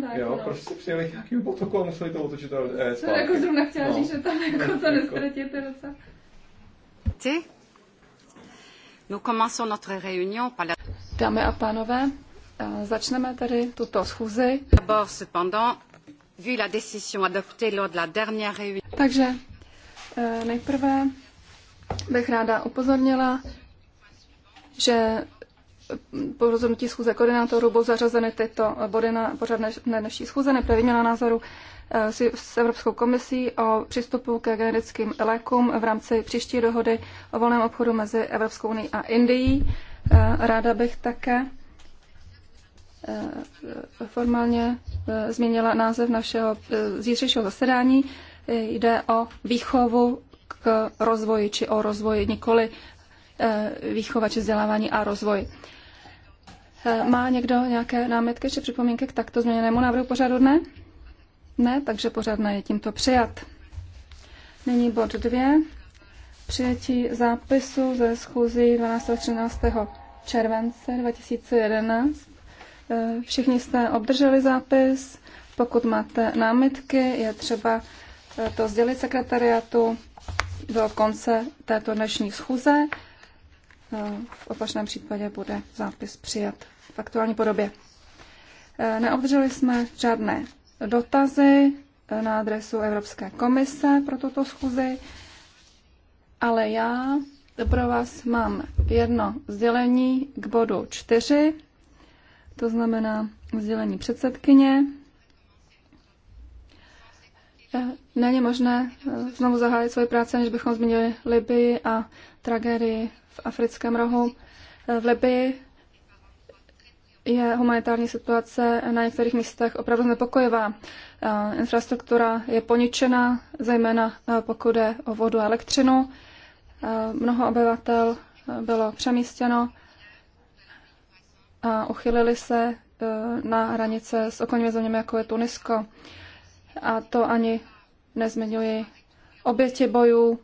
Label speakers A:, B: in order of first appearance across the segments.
A: tak. Jo, no. prostě
B: přijeli k nějakému potoku a museli to otočit eh, To jako zrovna chtěla no. říct, že tam jako to jako-
A: nestratíte docela. Ty?
C: Nous commençons notre réunion par la...
A: Dámy a pánové, eh, začneme tady tuto schůzi.
C: D'abord, cependant, vu la décision adoptée lors de la dernière réunion. Takže
A: eh, nejprve bych ráda upozornila, že po rozhodnutí schůze koordinátorů budou zařazeny tyto body na pořad dnešní schůze, neprevíme na názoru eh, s Evropskou komisí o přístupu ke generickým lékům v rámci příští dohody o volném obchodu mezi Evropskou unii a Indií. Eh, ráda bych také eh, formálně změnila název našeho zítřejšího zasedání. Jde o výchovu k rozvoji, či o rozvoji nikoli výchova či vzdělávání a rozvoj. Eh, má někdo nějaké námitky či připomínky k takto změněnému návrhu pořadu dne? Ne, takže pořad je tímto přijat. Nyní bod 2. Přijetí zápisu ze schůzí 12. 13. července 2011. Eh, všichni jste obdrželi zápis. Pokud máte námitky, je třeba eh, to sdělit sekretariatu do konce této dnešní schůze. No, v opačném případě bude zápis přijat v aktuální podobě. E, neobdrželi jsme žádné dotazy e, na adresu Evropské komise pro tuto schůzi, ale já pro vás mám jedno sdělení k bodu 4, to znamená sdělení předsedkyně. E, není možné znovu zahájit svoji práci, než bychom zmínili Libii a tragédii africkém rohu. V Libii je humanitární situace na některých místech opravdu znepokojivá. Eh, infrastruktura je poničena, zejména eh, pokud je o vodu a elektřinu. Eh, mnoho obyvatel bylo přemístěno a uchylili se na hranice s okolními zeměmi, jako je Tunisko. A to ani nezmiňuji oběti bojů,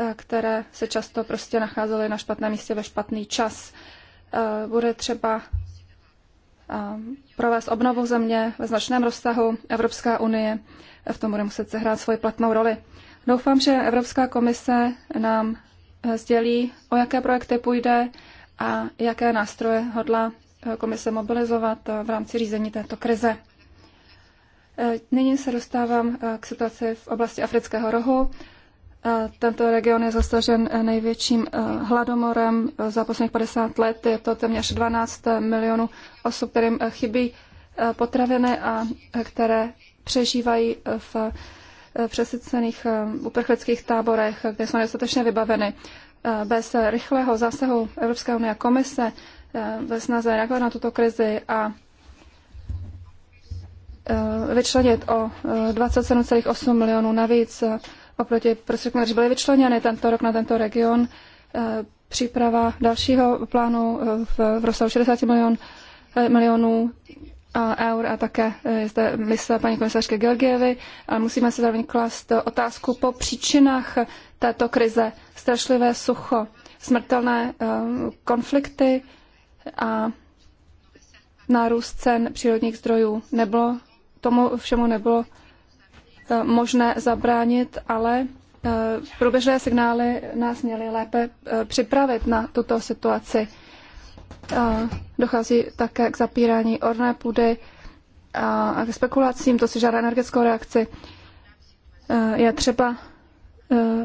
A: Eh, které se často prostě nacházely na špatném místě ve špatný čas. Eh, bude třeba eh, provést obnovu země ve značném rozsahu. Evropská unie v tom bude muset sehrát svoji platnou roli. Doufám, že Evropská komise nám sdělí, o jaké projekty půjde a jaké nástroje hodla komise mobilizovat v rámci řízení této krize. Nyní se dostávám k situaci v oblasti Afrického rohu. Tento region je zasažen eh, největším eh, hladomorem eh, za posledních 50 let. Je to téměř 12 milionů osob, kterým chybí potraviny a které přežívají v přesycených uprchlických táborech, kde jsou nedostatečně vybaveny. Bez rychlého zásahu Evropské unie a komise ve snaze reagovat na tuto krizi a vyčlenit o 27,8 milionů navíc oproti prostředkům, které byly vyčleněny tento rok na tento region. Eh, příprava dalšího plánu eh, v, v rozsahu 60 milion, eh, milionů eur a také je zde mise paní komisařky Georgievy, ale musíme se zároveň klást otázku po příčinách této krize. Strašlivé sucho, smrtelné konflikty a nárůst cen přírodních zdrojů. Nebylo, tomu všemu nebylo Eh, možné zabránit, ale eh, průběžné signály nás měly lépe eh, připravit na tuto situaci. Dochází také k zapírání orné půdy a k spekulacím, to si žádá energetickou reakci. Je třeba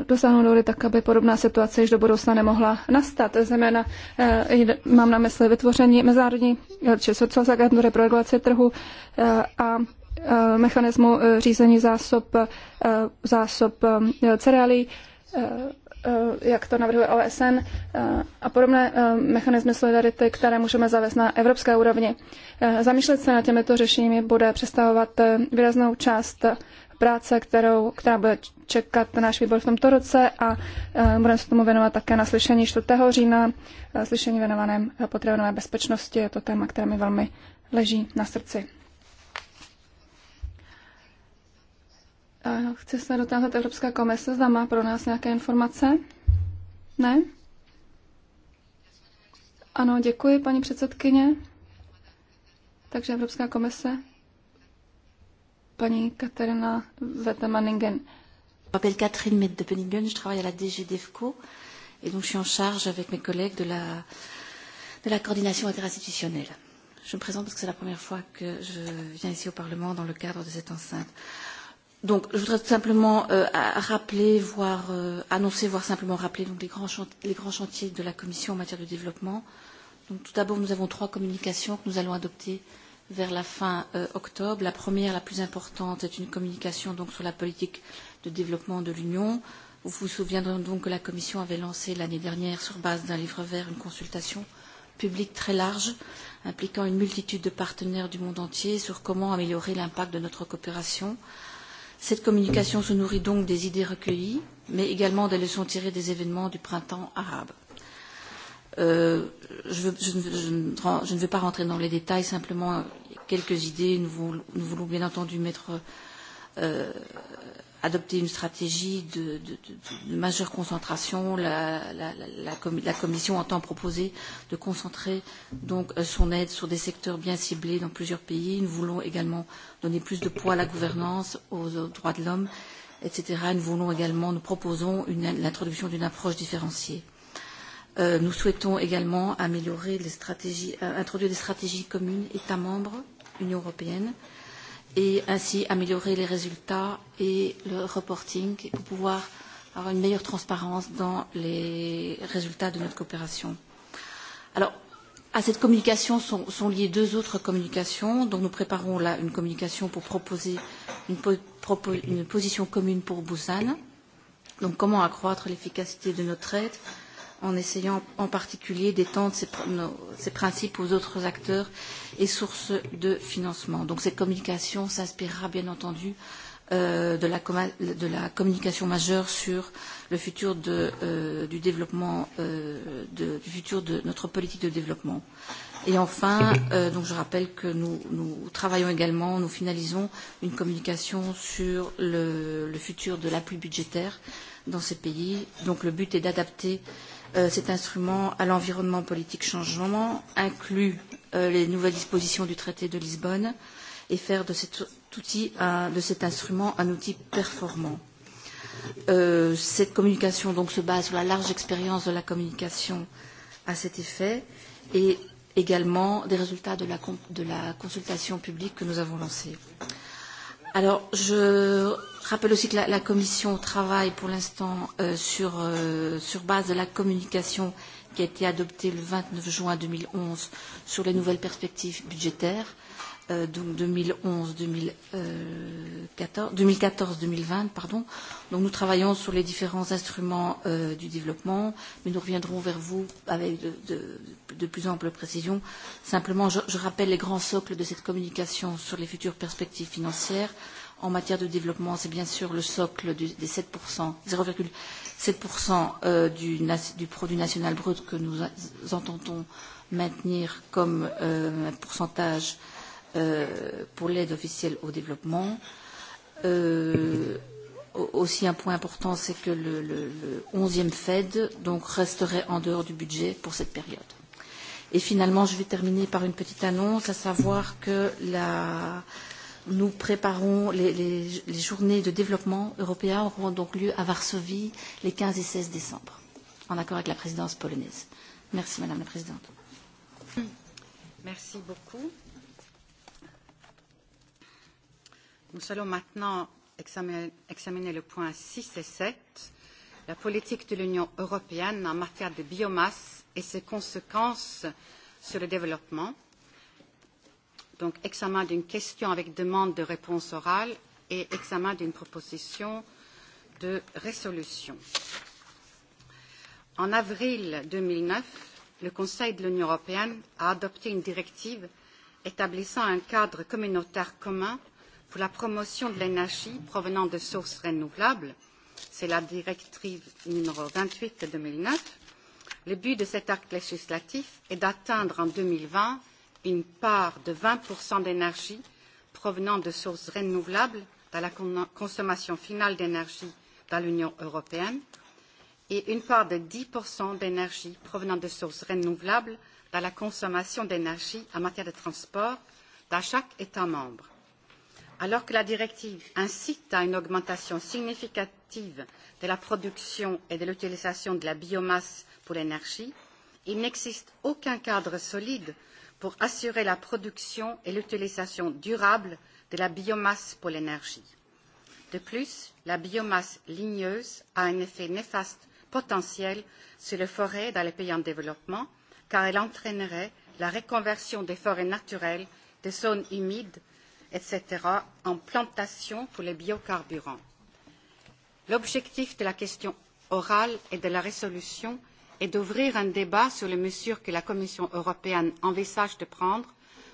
A: dosáhnout dohody tak, aby podobná situace již do budoucna nemohla nastat. Zejména mám na mysli vytvoření mezinárodní či sociální agentury pro regulaci trhu a Eh, mechanismu eh, řízení zásob, eh, zásob cereálí, jak to navrhuje OSN a podobné mechanismy solidarity, které můžeme zavést na evropské úrovni. Zamýšlet se nad těmito řešeními bude představovat výraznou část práce, kterou, která bude čekat náš výbor v tomto roce a budeme se tomu věnovat také na slyšení 4. října, slyšení věnovaném potravinové bezpečnosti. Je to téma, které mi velmi leží na srdci. Chci se dotázat Evropská komise, zda má pro nás nějaké informace? Ne? Ano, děkuji, paní předsedkyně. Takže Evropská komise, paní Katerina Vetemaningen. Je
D: m'appelle Catherine Met de Penningen, je travaille à la DG DEFCO et donc je suis en charge avec mes collègues de la, de la coordination interinstitutionnelle. Je me présente parce que c'est la première fois que je viens ici au Parlement dans le cadre de cette enceinte. Donc, je voudrais tout simplement euh, rappeler, voire euh, annoncer, voire simplement rappeler donc, les, grands les grands chantiers de la Commission en matière de développement. Donc, tout d'abord, nous avons trois communications que nous allons adopter vers la fin euh, octobre. La première, la plus importante, est une communication donc, sur la politique de développement de l'Union. Vous vous souviendrez donc que la Commission avait lancé l'année dernière, sur base d'un livre vert, une consultation publique très large impliquant une multitude de partenaires du monde entier sur comment améliorer l'impact de notre coopération Cette communication se nourrit donc des idées recueillies, mais également des leçons tirées des événements du printemps arabe. Euh, je, veux, je, je, je ne vais pas rentrer dans les détails, simplement euh, quelques idées. Nous voulons, nous voulons bien entendu mettre euh, euh, adopté une stratégie de, de, de, de majeure concentration. La, la, la, la Commission entend proposer de concentrer donc euh, son aide sur des secteurs bien ciblés dans plusieurs pays. Nous voulons également donner plus de poids à la gouvernance, aux, aux droits de l'homme, etc. Nous voulons également, nous proposons l'introduction d'une approche différenciée. Euh, nous souhaitons également améliorer les stratégies, euh, introduire des stratégies communes États membres, Union européenne, euh, et ainsi améliorer les résultats et le reporting pour pouvoir avoir une meilleure transparence dans les résultats de notre coopération. Alors, à cette communication sont, sont liées deux autres communications. Donc, nous préparons là une communication pour proposer une, po propo une position commune pour Busan. Donc, comment accroître l'efficacité de notre aide euh, en essayant en particulier d'étendre ces, ces principes aux autres acteurs et sources de financement. Donc cette communication s'inspirera bien entendu euh, de, la de la communication majeure sur le futur de, euh, du développement, euh, de, du futur de notre politique de développement. Et enfin, euh, donc je rappelle que nous, nous travaillons également, nous finalisons une communication sur le, le futur de l'appui budgétaire dans ces pays. Donc le but est d'adapter euh, Euh, cet instrument à l'environnement politique changement inclut euh, les nouvelles dispositions du traité de Lisbonne et faire de cet, outil un, de cet instrument un outil performant. Euh, cette communication donc se base sur la large expérience de la communication à cet effet et également des résultats de la, de la consultation publique que nous avons lancée. Euh, Alors, je rappelle aussi que la, la Commission travaille pour l'instant euh, sur, euh, sur base de la communication qui a été adoptée le 29 juin 2011 sur les nouvelles perspectives budgétaires euh, donc 2011, 2014, 2014-2020, pardon. Donc nous travaillons sur les différents instruments euh, du développement, mais nous reviendrons vers vous avec de, de, de plus amples précisions. Simplement, je, je rappelle les grands socles de cette communication sur les futures perspectives financières. En matière de développement, c'est bien sûr le socle du, des 7%, 0,7% euh, du, du produit national brut que nous, entendons maintenir comme euh, pourcentage euh, Euh, pour l'aide officielle au développement. Euh, aussi un point important, c'est que le, le, le 11e Fed donc, resterait en dehors du budget pour cette période. Et finalement, je vais terminer par une petite annonce, à savoir que la, nous préparons les, les, les journées de développement européen auront donc lieu à Varsovie les 15 et 16 décembre, en accord avec la présidence polonaise. Merci Madame la Présidente.
C: Merci beaucoup. Nous allons maintenant examiner, examiner le point 6 et 7, la politique de l'Union européenne en matière de biomasse et ses conséquences sur le développement. Donc, examen d'une question avec demande de réponse orale et examen d'une proposition de résolution. En avril 2009, le Conseil de l'Union européenne a adopté une directive établissant un cadre communautaire commun pour la promotion de l'énergie provenant de sources renouvelables, c'est la directive numéro 28 de 2009, le but de cet acte législatif est d'atteindre en 2020 une part de 20% d'énergie provenant de sources renouvelables dans la consommation finale d'énergie dans l'Union européenne et une part de 10% d'énergie provenant de sources renouvelables dans la consommation d'énergie en matière de transport dans chaque État membre alors que la directive incite à une augmentation significative de la production et de l'utilisation de la biomasse pour l'énergie, il n'existe aucun cadre solide pour assurer la production et l'utilisation durable de la biomasse pour l'énergie. De plus, la biomasse ligneuse a un effet néfaste potentiel sur les forêts dans les pays en développement, car elle entraînerait la reconversion des forêts naturelles des zones humides etc., en plantation pour les biocarburants. L'objectif de la question orale et de la résolution est d'ouvrir un débat sur les mesures que la Commission européenne envisage de prendre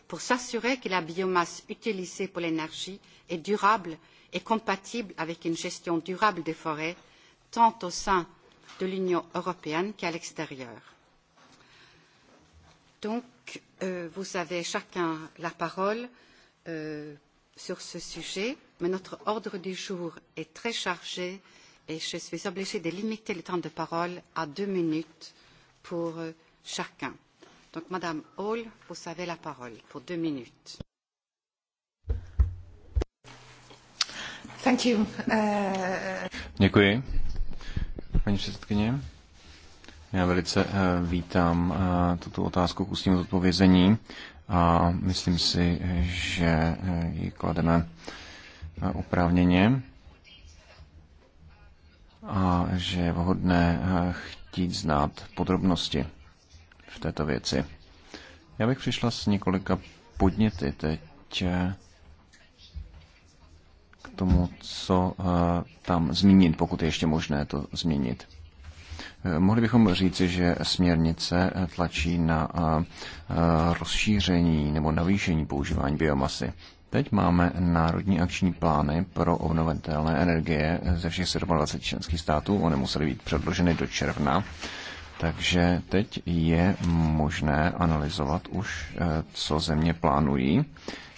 C: pour s'assurer que la biomasse utilisée pour l'énergie est durable et compatible avec une gestion durable des forêts, tant au sein de l'Union européenne qu'à l'extérieur. Donc, euh, vous avez chacun la parole. Euh, sur ce sujet, mais notre ordre du jour est très chargé et je suis obligée de limiter le temps de parole à deux minutes pour euh, chacun. Donc, Madame Hall, vous avez la parole pour deux minutes.
B: Thank you. Uh... Děkuji, paní předsedkyně. Já velice uh, vítám uh, tuto otázku k ústnímu zodpovězení a myslím si, že eh, ji klademe eh, oprávněně a že je vhodné eh, chtít znát podrobnosti v této věci. Já bych přišla s několika podněty teď k tomu, co tam zmínit, pokud je ještě možné to změnit. Mohli bychom říci, že směrnice tlačí na rozšíření nebo navýšení používání biomasy. Teď máme národní akční plány pro obnovitelné energie ze všech 27 členských států. Ony musely být předloženy do června. Takže teď je možné analyzovat už, e, co země plánují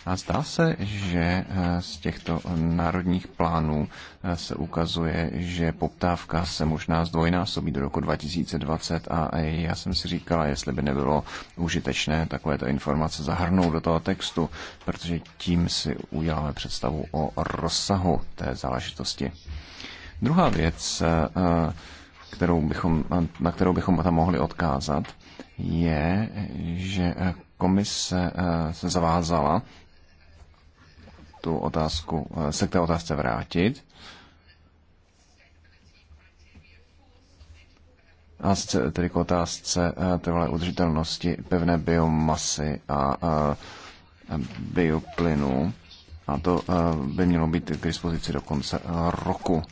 B: a zdá se, že eh, z těchto národních plánů eh, se ukazuje, že poptávka se možná zdvojnásobí do roku 2020 a já jsem si říkala, jestli by nebylo užitečné takovéto informace zahrnout do toho textu, protože tím si uděláme představu o rozsahu té záležitosti. Druhá věc, eh, kterou bychom, na kterou bychom tam mohli odkázat, je, že komise se zavázala tu otázku, eh, se k té otázce vrátit. A tedy k otázce eh, trvalé udržitelnosti pevné biomasy a, a eh, bioplynu. A to by mělo být k dispozici do konce roku.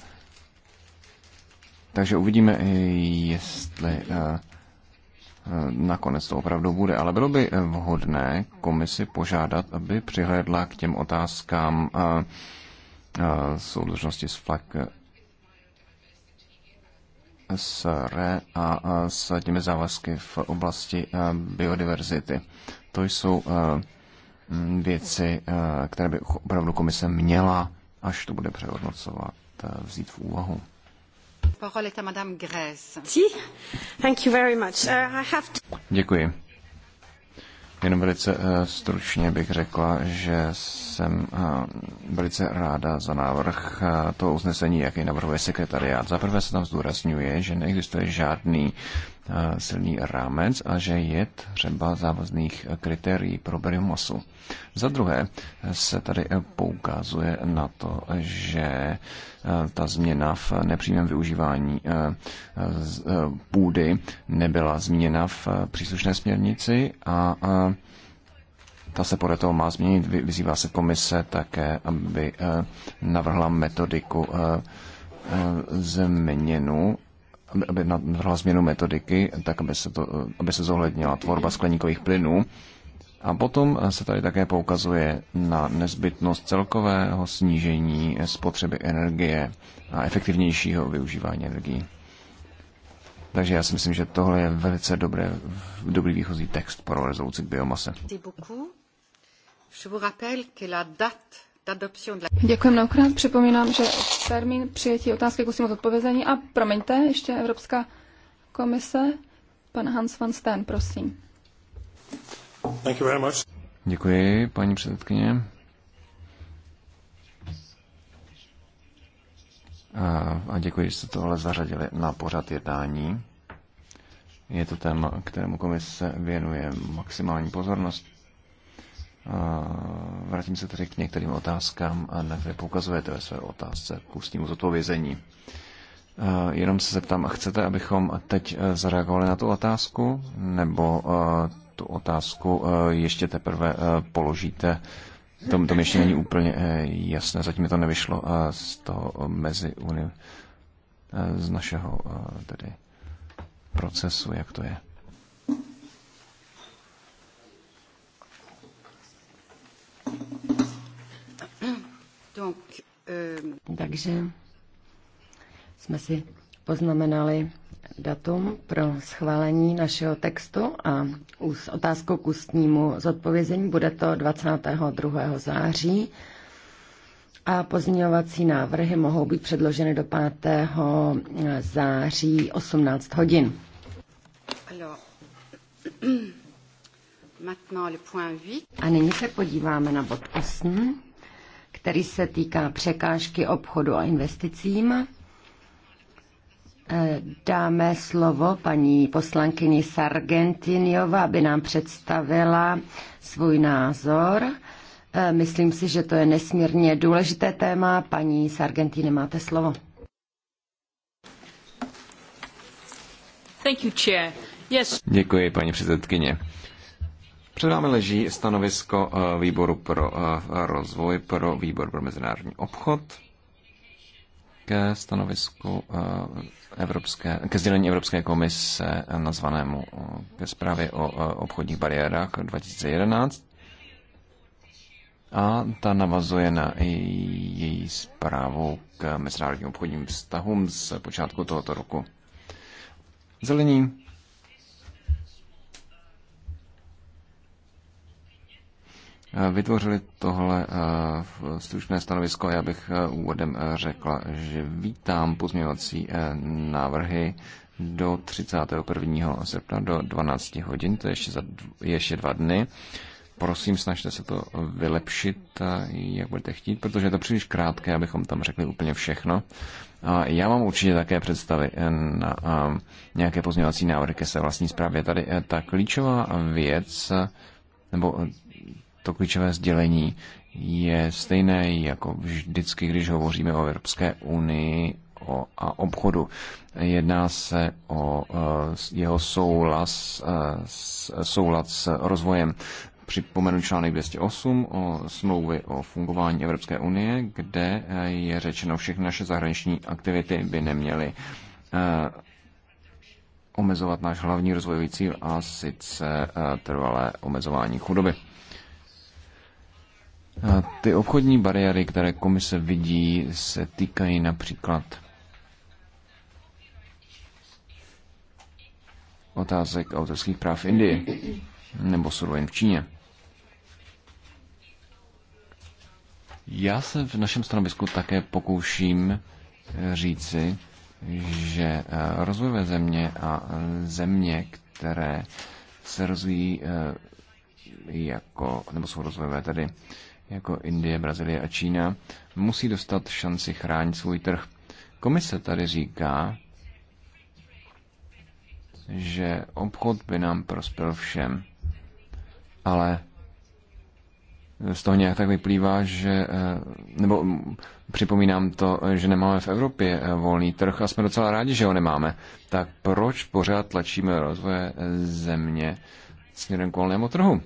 B: Takže uvidíme, jestli Eh, nakonec to opravdu bude. Ale bylo by eh, vhodné komisi požádat, aby přihlédla k těm otázkám eh, soudržnosti s FLAG s RE a s těmi závazky v oblasti biodiverzity. To jsou mm, věci, které by opravdu komise měla, až to bude přehodnocovat, vzít v úvahu. Uh, Děkuji. Jenom velice uh, stručně bych řekla, že jsem uh, velice ráda za návrh toho usnesení, jaký navrhuje sekretariát. Za prvé se tam zdůrazňuje, že neexistuje žádný Eh, silný rámec a že je třeba závazných kritérií pro biomasu. Za druhé se tady eh, poukazuje na to, že eh, ta změna v nepřímém využívání půdy nebyla změna v příslušné směrnici a ta se podle toho má změnit. Vyzývá se komise také, aby navrhla metodiku změnu aby navrhla změnu metodiky, tak aby se, to, aby se zohlednila tvorba skleníkových plynů. A potom se tady také poukazuje na nezbytnost celkového snížení spotřeby energie a efektivnějšího využívání energií. Takže já si myslím, že tohle je velice dobré, dobrý výchozí text pro rezoluci k biomase.
C: Děkuji. Děkuji mnohokrát.
A: Připomínám, že termín přijetí otázky k ústnímu odpovězení a promiňte, ještě Evropská komise. Pan Hans van Steen, prosím. Thank you very much.
B: Děkuji, paní předsedkyně. A děkuji, že jste tohle zařadili na pořad jednání. Je to téma, kterému komise věnuje maximální pozornost. Vrátím se tedy k některým otázkám, na které poukazujete ve své otázce k ústnímu zodpovězení. Jenom se zeptám, chcete, abychom teď e, zareagovali na tu otázku, nebo e, tu otázku e, ještě teprve položíte? To mi ještě není úplně jasné, zatím mi to nevyšlo z toho mezi uni, z našeho tedy procesu, jak to je.
C: Euh,
E: Takže jsme si poznamenali datum pro schválení našeho textu a s otázkou k ústnímu zodpovězení bude to 22. září a pozměňovací návrhy mohou být předloženy do 5. září 18 hodin. Alors. A nyní se podíváme na bod 8, který se týká překážky obchodu a investicím. E, dáme slovo paní poslankyni Sargentiniova, aby nám představila svůj názor. E, myslím si, že to je nesmírně důležité téma. Paní Sargentini, máte slovo.
D: Thank you, chair. Yes.
B: Děkuji, paní předsedkyně. Před námi leží stanovisko eh, výboru pro eh, rozvoj, pro výbor pro mezinárodní obchod ke stanovisku eh, Evropské, ke sdělení Evropské komise nazvanému ke zprávě o obchodních bariérách 2011. A ta navazuje na její zprávu k mezinárodním obchodním vztahům z počátku tohoto roku. Zelení Eh, vytvořili tohle eh, stručné stanovisko. Já bych eh, úvodem řekla, že vítám pozměňovací návrhy do 31. srpna do 12 hodin, to je ještě, za, ještě dva dny. Prosím, snažte se to vylepšit, jak budete chtít, protože je to příliš krátké, abychom tam řekli úplně všechno. A já mám určitě také představy na nějaké pozměňovací návrhy ke své vlastní zprávě. Tady ta klíčová věc, nebo to klíčové sdělení je stejné jako vždycky, když hovoříme o Evropské unii o, a obchodu. Jedná se o eh, jeho souhlas, eh, soulad s rozvojem. Připomenu článek 208 o smlouvy o fungování Evropské unie, kde eh, je řečeno, všechny naše zahraniční aktivity by neměly omezovat náš hlavní rozvojový cíl a sice trvalé omezování chudoby. A ty obchodní bariéry, které komise vidí, se týkají například otázek autorských práv v Indii nebo surovin v Číně. Já se v našem stanovisku také pokouším říci, že eh, rozvojové země a země, které se rozvíjí eh, jako, nebo jsou rozvojové tedy, jako Indie, Brazílie a Čína, musí dostat šanci chránit svůj trh. Komise tady říká, že obchod by nám prospěl všem, ale z toho nějak tak vyplývá, že, eh, nebo připomínám to, že nemáme v Evropě eh, volný trh a jsme docela rádi, že ho nemáme, tak proč pořád tlačíme rozvoje eh, země směrem k volnému trhu?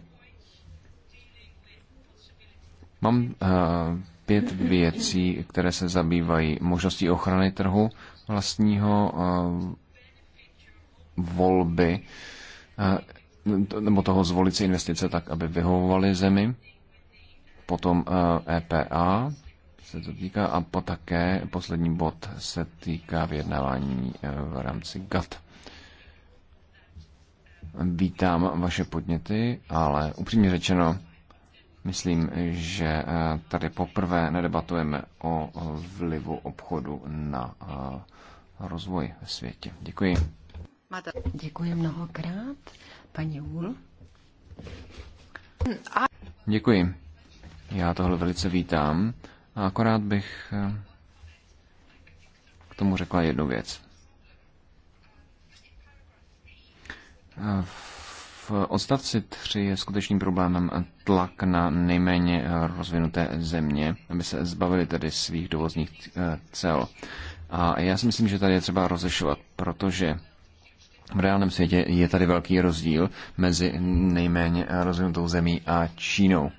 B: Mám eh, pět věcí, které se zabývají možností ochrany trhu vlastního eh, volby eh, nebo toho zvolit si investice tak, aby vyhovovaly zemi, potom EPA e se to týká a po také poslední bod se týká vyjednávání v rámci GATT. Vítám vaše podněty, ale upřímně řečeno, Myslím, že eh, tady poprvé nedebatujeme o eh, vlivu obchodu na eh, rozvoj ve světě. Děkuji.
E: Děkuji mnohokrát, paní Úl.
B: Děkuji. Já tohle velice vítám. A akorát bych k tomu řekla jednu věc. V odstavci 3 je skutečným problémem tlak na nejméně rozvinuté země, aby se zbavili tedy svých dovozních eh, cel. A já si myslím, že tady je třeba rozlišovat, protože v reálném světě je tady velký rozdíl mezi nejméně rozvinutou zemí a Čínou.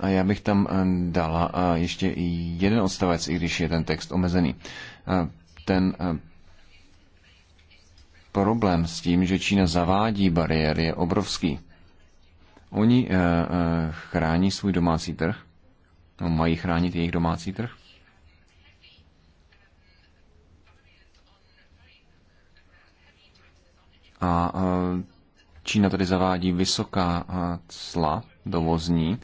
B: A já bych tam eh, dala eh, ještě jeden odstavec, i když je ten text omezený. Ten problém s tím, že Čína zavádí bariéry, je obrovský. Oni eh, eh, chrání svůj domácí trh? No, mají chránit jejich domácí trh? A eh, Čína tady zavádí vysoká cla dovozní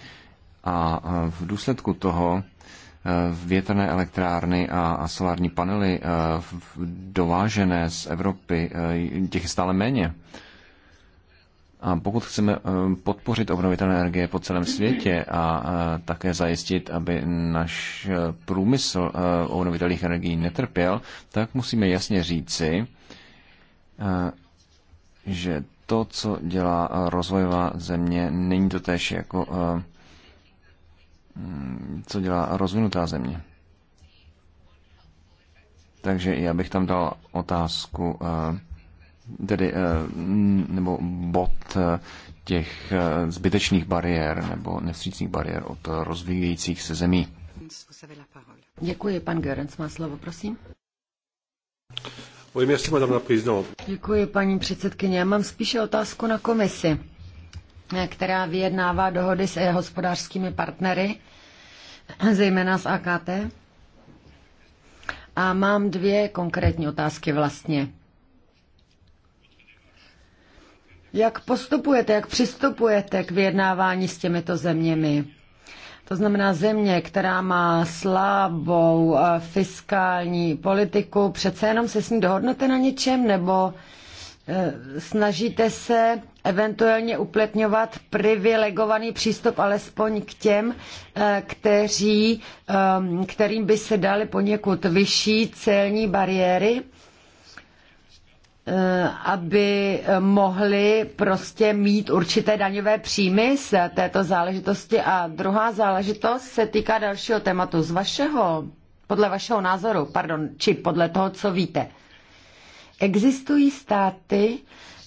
B: a v důsledku toho větrné elektrárny a, a solární panely eh, dovážené z Evropy, eh, těch je stále méně. A pokud chceme eh, podpořit obnovitelné energie po celém světě a také zajistit, aby náš průmysl obnovitelných energií netrpěl, tak musíme jasně říci, že to, co dělá rozvojová země, není to tež jako Mm, co dělá rozvinutá země. Takže já bych tam dal otázku, eh, tedy, eh, nebo bod eh, těch zbytečných bariér nebo nevstřícných bariér od rozvíjejících se zemí.
E: Děkuji, pan Görens má slovo, prosím. Děkuji, paní předsedkyně. Já mám spíše otázku na komisi která vyjednává dohody s eh, hospodářskými partnery, zejména s AKT. A mám dvě konkrétní otázky vlastně. Jak postupujete, jak přistupujete k vyjednávání s těmito zeměmi? To znamená země, která má slabou eh, fiskální politiku, přece jenom se s ní dohodnete na něčem, nebo Eh, snažíte se eventuálně uplatňovat privilegovaný přístup alespoň k těm, eh, kteří, eh, kterým by se daly poněkud vyšší celní bariéry, aby mohli prostě mít určité daňové příjmy z této záležitosti. A druhá záležitost se týká dalšího tématu z vašeho, podle vašeho názoru, pardon, či podle toho, co víte. Existují státy,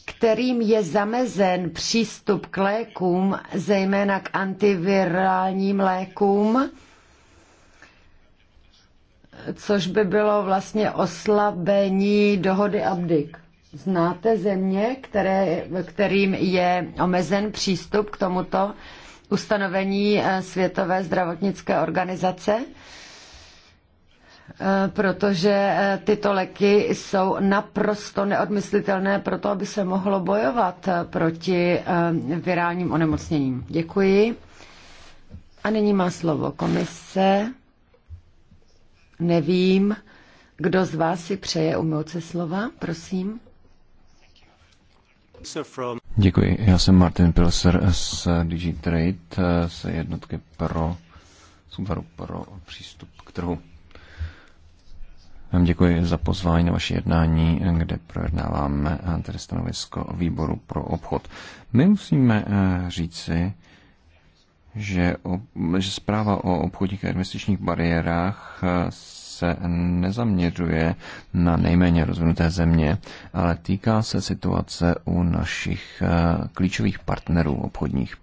E: kterým je zamezen přístup k lékům, zejména k antivirálním lékům, což by bylo vlastně oslabení dohody Abdik. Znáte země, které, kterým je omezen přístup k tomuto ustanovení eh, Světové zdravotnické organizace? Eh, protože eh, tyto leky jsou naprosto neodmyslitelné pro to, aby se mohlo bojovat eh, proti virálním onemocněním. Děkuji. A nyní má slovo komise. Nevím, kdo z vás si přeje umout se slova, prosím.
B: Děkuji, já jsem Martin Pilser z DigiTrade, z jednotky pro, pro přístup k trhu. Vám děkuji za pozvání na vaše jednání, kde projednáváme eh, tedy stanovisko výboru pro obchod. My musíme eh, říci, že, že zpráva o obchodních a investičních bariérách eh, se nezaměřuje na nejméně rozvinuté země, ale týká se situace u našich klíčových partnerů obchodních.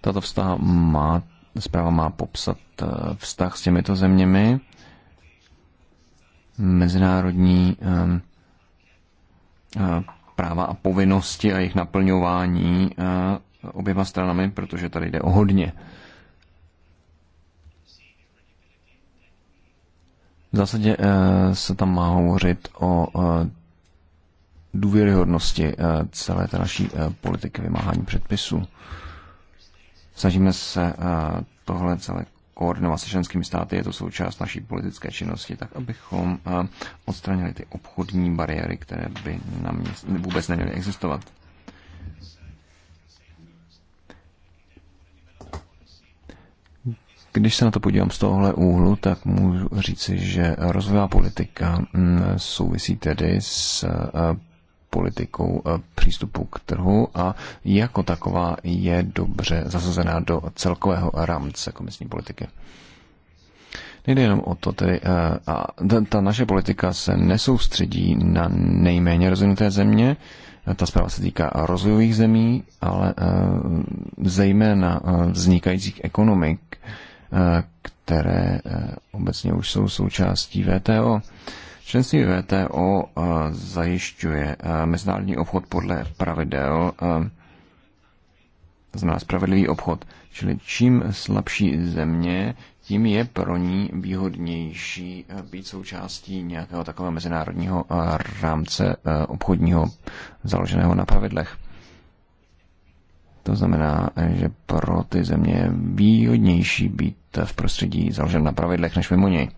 B: Tato vztah má zpráva má popsat eh, vztah s těmito zeměmi, mezinárodní ehm, eh, práva a povinnosti a jejich naplňování eh, oběma stranami, protože tady jde o hodně. V zásadě se tam má hovořit o důvěryhodnosti celé té naší politiky vymáhání předpisů. Snažíme se eh, tohle celé koordinovat se členskými státy, je to součást naší politické činnosti, tak abychom eh, odstranili ty obchodní bariéry, které by na měst, vůbec neměly existovat. Když se na to podívám z tohohle úhlu, tak můžu říci, že rozvojová politika mm, souvisí tedy s eh, politikou eh, přístupu k trhu a jako taková je dobře zasazená do celkového rámce komisní politiky. Nejde jenom o to, tedy, eh, a ta naše politika se nesoustředí na nejméně rozvinuté země, eh, ta zpráva se týká rozvojových zemí, ale zejména vznikajících ekonomik, které obecně už jsou součástí VTO. Členství VTO eh, zajišťuje eh, mezinárodní obchod podle pravidel, to eh, znamená spravedlivý obchod. Čili čím slabší země, tím je pro ní výhodnější být součástí nějakého takového mezinárodního rámce obchodního založeného na pravidlech. To znamená, že pro ty země je výhodnější být v prostředí založen na pravidlech než mimo něj.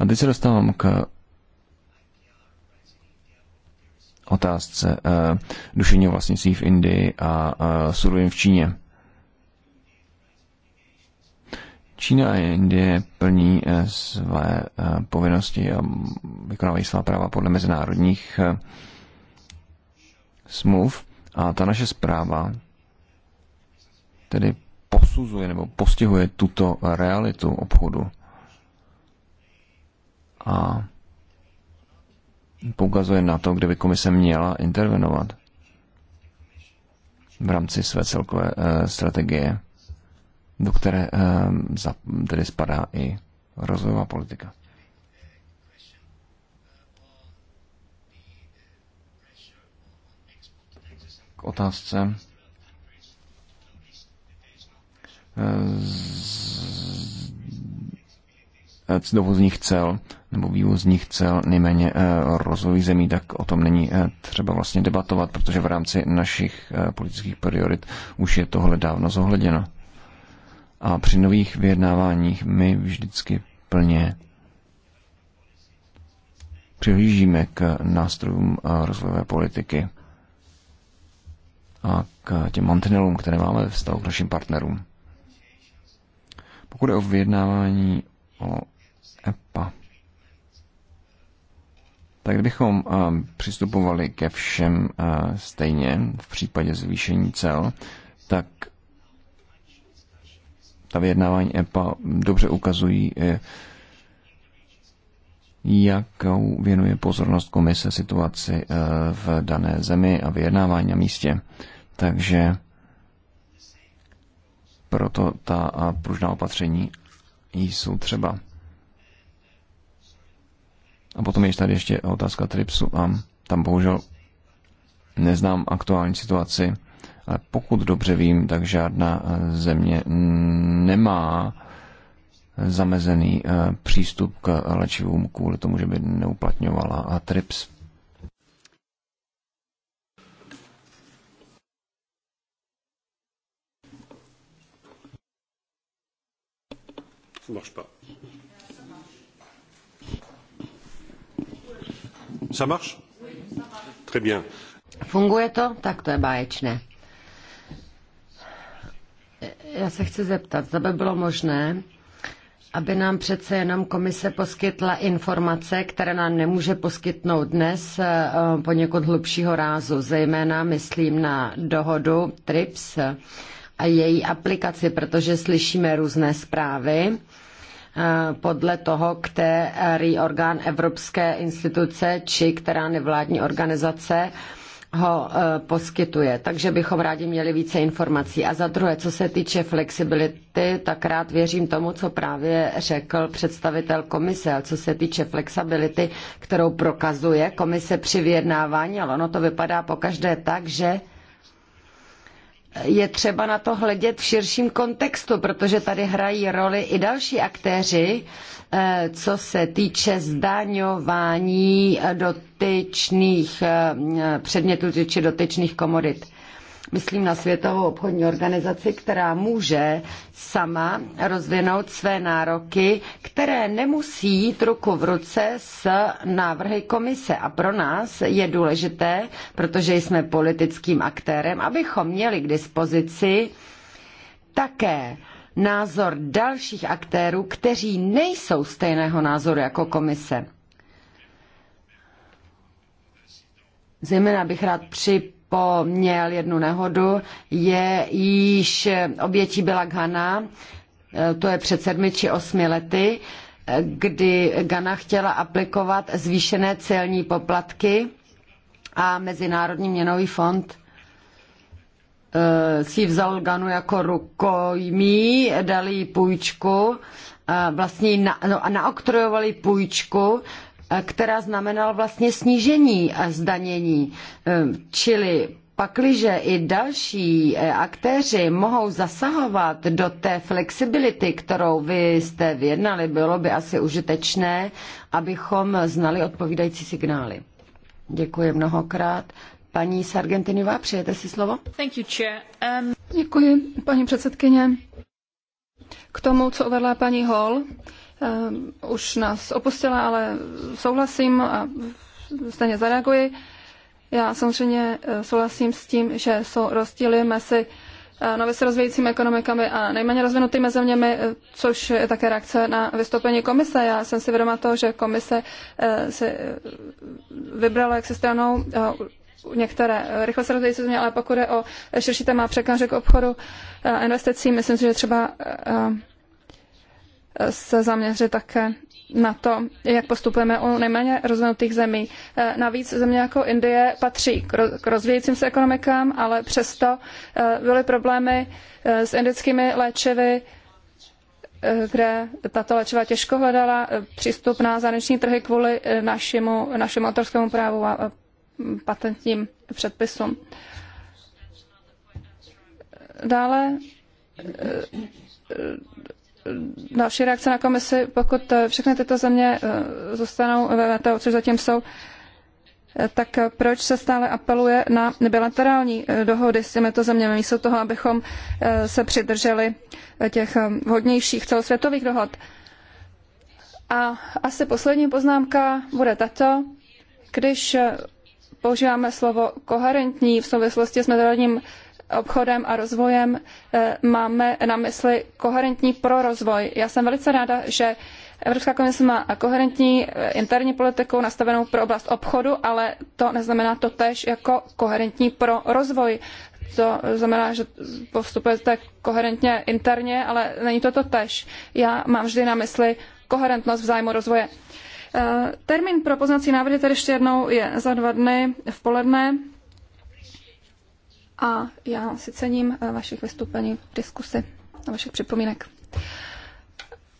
B: A teď se dostávám k otázce uh, eh, duševního vlastnictví v Indii a uh, surovin v Číně. Čína a Indie plní eh, své povinnosti a vykonávají svá práva podle mezinárodních smluv. A ta naše zpráva tedy posuzuje nebo postihuje tuto realitu obchodu a poukazuje na to, kde by komise měla intervenovat v rámci své celkové eh, strategie, do které eh, tedy spadá i rozvojová politika. K otázce eh, z dovozních cel nebo vývozních cel nejméně eh, rozvojových zemí, tak o tom není eh, třeba vlastně debatovat, protože v rámci našich eh, politických priorit už je tohle dávno zohleděno. A při nových vyjednáváních my vždycky plně přihlížíme k nástrojům rozvojové politiky a k těm mantinelům, které máme ve vztahu k našim partnerům. Pokud je o vyjednávání o EPA, tak kdybychom eh, přistupovali ke všem eh, stejně v případě zvýšení cel, tak ta vyjednávání EPA dobře ukazují, eh, jakou věnuje pozornost komise situaci v dané zemi a vyjednávání na místě. Takže proto ta pružná opatření jsou třeba. A potom je tady ještě otázka TRIPSu a tam bohužel neznám aktuální situaci, ale pokud dobře vím, tak žádná eh, země nemá zamezený eh, přístup k léčivům kvůli tomu, že by neuplatňovala a TRIPS.
D: Ça marche pas. Ça marche? Très bien.
E: Funguje to? Tak to je báječné. Já se chci zeptat, zda by bylo možné, aby nám přece jenom komise poskytla informace, které nám nemůže poskytnout dnes eh, poněkud hlubšího rázu, zejména myslím na dohodu TRIPS a její aplikaci, protože slyšíme různé zprávy Eh, podle toho, který orgán Evropské instituce či která nevládní organizace ho eh, poskytuje. Takže bychom rádi měli více informací. A za druhé, co se týče flexibility, tak rád věřím tomu, co právě řekl představitel komise. A co se týče flexibility, kterou prokazuje komise při vyjednávání, ale ono to vypadá pokaždé tak, že je třeba na to hledět v širším kontextu, protože tady hrají roli i další aktéři, eh, co se týče zdaňování dotyčných eh, předmětů či dotyčných komodit myslím na Světovou obchodní organizaci, která může sama rozvinout své nároky, které nemusí jít ruku v ruce s návrhy komise. A pro nás je důležité, protože jsme politickým aktérem, abychom měli k dispozici také názor dalších aktérů, kteří nejsou stejného názoru jako komise. Zejména bych rád připomněl, po měl jednu nehodu, je již obětí byla Ghana, e, to je před sedmi či osmi lety, e, kdy Ghana chtěla aplikovat zvýšené celní poplatky a Mezinárodní měnový fond e, si vzal Ganu jako rukojmí, dali jí půjčku, vlastně na, no, naoktrojovali půjčku která znamenal vlastně snížení eh, zdanění. Eh, čili pakliže i další eh, aktéři mohou zasahovat do té flexibility, kterou vy jste vyjednali, bylo by asi užitečné, abychom znali odpovídající signály. Děkuji mnohokrát. Paní Sargentinová, přejete si slovo?
D: Thank you, chair.
E: Um... Děkuji, paní předsedkyně. K tomu, co
A: uvedla paní Hall, Ehm, už nás opustila, ale souhlasím a stejně zareaguji. Já samozřejmě eh, souhlasím s tím, že jsou rozdíly mezi eh, nově se rozvíjícími ekonomikami a nejméně rozvinutými zeměmi, eh, což je také reakce na vystoupení komise. Já jsem si vědoma toho, že komise si vybrala se stranou některé rychle se rozvíjící země, ale pokud je o širší téma překážek obchodu a investicí, myslím si, že třeba se zaměřit také na to, jak postupujeme u nejméně rozvinutých zemí. E, navíc země jako Indie patří k rozvíjejícím se ekonomikám, ale přesto e, byly problémy e, s indickými léčivy, kde tato léčiva těžko hledala přístup na zahraniční trhy kvůli našemu, našemu autorskému právu a patentním předpisům. Dále další reakce na komisi, pokud eh, všechny tyto země eh, zůstanou ve VTO, což zatím jsou, eh, tak proč se stále apeluje na bilaterální dohody s těmito zeměmi, místo toho, abychom se přidrželi těch vhodnějších celosvětových dohod? A asi poslední poznámka bude tato. Když používáme slovo koherentní v souvislosti s mezinárodním obchodem a rozvojem eh, máme na mysli koherentní pro rozvoj. Já jsem velice ráda, že Evropská komise má koherentní eh, interní politiku nastavenou pro oblast obchodu, ale to neznamená to tež jako koherentní pro rozvoj. To znamená, že postupujete koherentně interně, ale není to to tež. Já mám vždy na mysli koherentnost v zájmu rozvoje. Eh, termín pro poznací návrhy tedy ještě jednou je za dva dny v poledne a já si cením eh, vašich vystoupení v diskusi a vašich připomínek.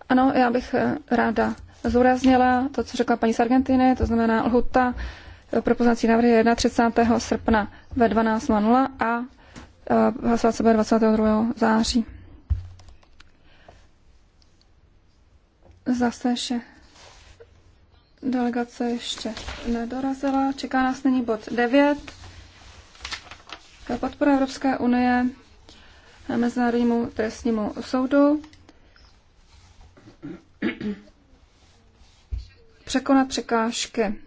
A: Ano, já bych eh, ráda zúraznila to, co řekla paní z Argentiny, to znamená lhuta eh, pro poznací návrhy 31. srpna ve 12.00 a hlasovat se bude 22. září. Zase ještě delegace ještě nedorazila. Čeká nás nyní bod 9 podpora Evropské unie Mezinárodnímu trestnímu soudu překonat překážky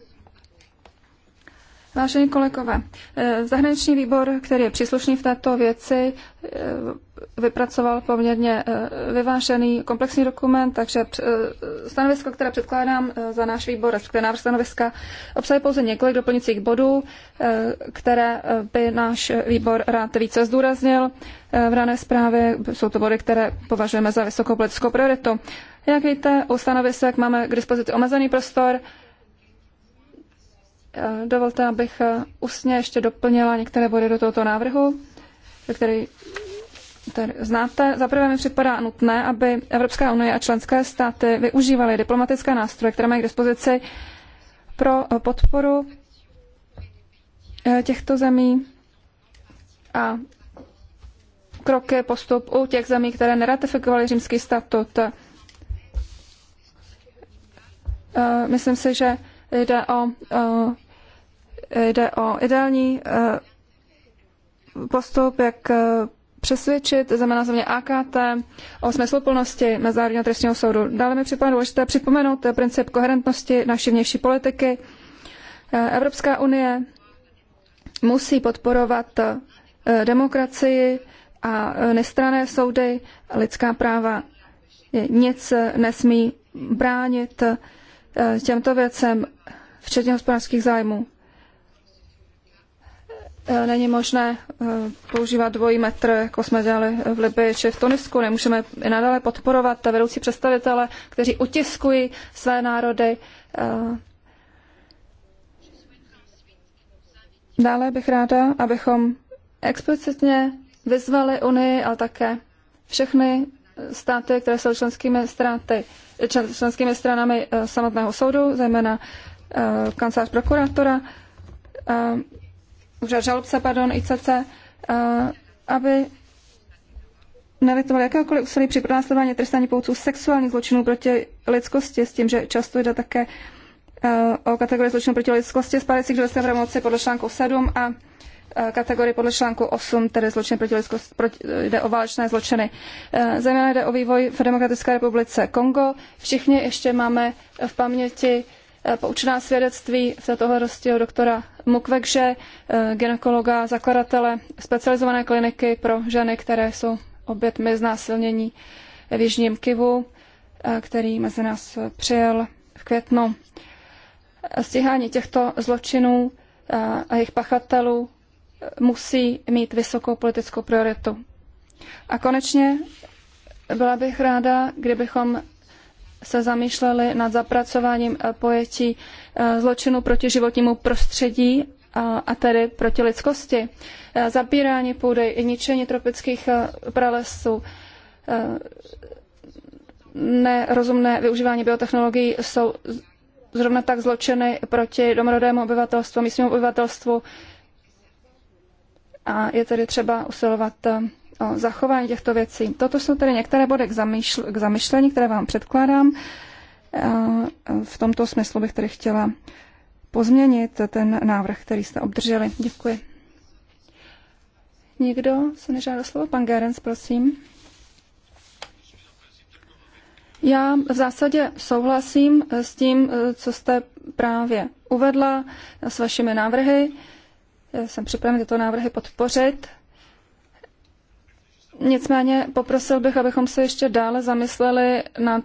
A: Vážení kolegové, eh, zahraniční výbor, který je příslušný v této věci, eh, vypracoval poměrně eh, vyvážený komplexní dokument, takže stanovisko, které předkládám za náš výbor, respektive návrh stanoviska, obsahuje pouze několik doplňujících bodů, které by náš výbor rád více zdůraznil. V rané zprávě jsou to body, které považujeme za vysokou politickou prioritu. Jak víte, u stanovisek máme k dispozici omezený prostor, Eh, dovolte, abych eh, ústně ještě doplnila některé body do tohoto návrhu, který tady znáte. Za prvé mi připadá nutné, aby Evropská unie a členské státy využívaly diplomatické nástroje, které mají k dispozici pro eh, podporu těchto zemí a kroky, postup u těch zemí, které neratifikovaly římský statut. Myslím si, že jde o, o Eh, jde o ideální eh, postup, jak eh, přesvědčit znamená mě AKT o smysluplnosti Mezinárodního trestního soudu. Dále mi připadá důležité připomenout princip koherentnosti naší vnější politiky. Evropská unie musí podporovat demokracii a nestrané soudy, lidská práva. Nic nesmí bránit těmto věcem, včetně hospodářských zájmů. Eh, není možné eh, používat dvojí metr, jako jsme dělali v Libii či v Tunisku. Nemůžeme i nadále podporovat vedoucí představitele, kteří utiskují své národy. Eh, dále bych ráda, abychom explicitně vyzvali Unii, ale také všechny státy, které jsou členskými, státy, členskými stranami samotného soudu, zejména kancelář prokurátora, úřad žalobce, pardon, ICC, eh, aby nelitoval jakékoliv úsilí při pronásledování trestání pouců sexuálních zločinů proti lidskosti, s tím, že často jde také eh, o kategorii zločinů proti lidskosti spadajících do pravomoci podle článku 7 a eh, kategorii podle článku 8, tedy zločiny proti lidskosti, proti, jde o válečné zločiny. Zejména jde o vývoj v Demokratické republice Kongo. Všichni ještě máme v paměti Eh, poučená svědectví v této hledosti od doktora Mukvekže, eh, ginekologa, zakladatele specializované kliniky pro ženy, které jsou obětmi znásilnění v Jižním Kivu, eh, který mezi nás přijel v květnu. Stíhání těchto zločinů a jejich pachatelů musí mít vysokou politickou prioritu. A konečně byla bych ráda, kdybychom se zamýšleli nad zapracováním eh, pojetí eh, zločinu proti životnímu prostředí a tedy proti lidskosti. Eh, zabírání půdy, ničení tropických pralesů, nerozumné využívání biotechnologií jsou zrovna tak zločiny proti domorodému obyvatelstvu, místnímu obyvatelstvu a je tedy třeba usilovat zachování těchto věcí. Toto jsou tedy některé body k, zamýšl- k zamyšlení, které vám předkládám. V tomto smyslu bych tedy chtěla pozměnit ten návrh, který jste obdrželi. Děkuji. Nikdo se nežádá slovo? Pan Gerens, prosím. Já v zásadě souhlasím s tím, co jste právě uvedla, s vašimi návrhy. Jsem připraven tyto návrhy podpořit. Nicméně poprosil bych, abychom se ještě dále zamysleli nad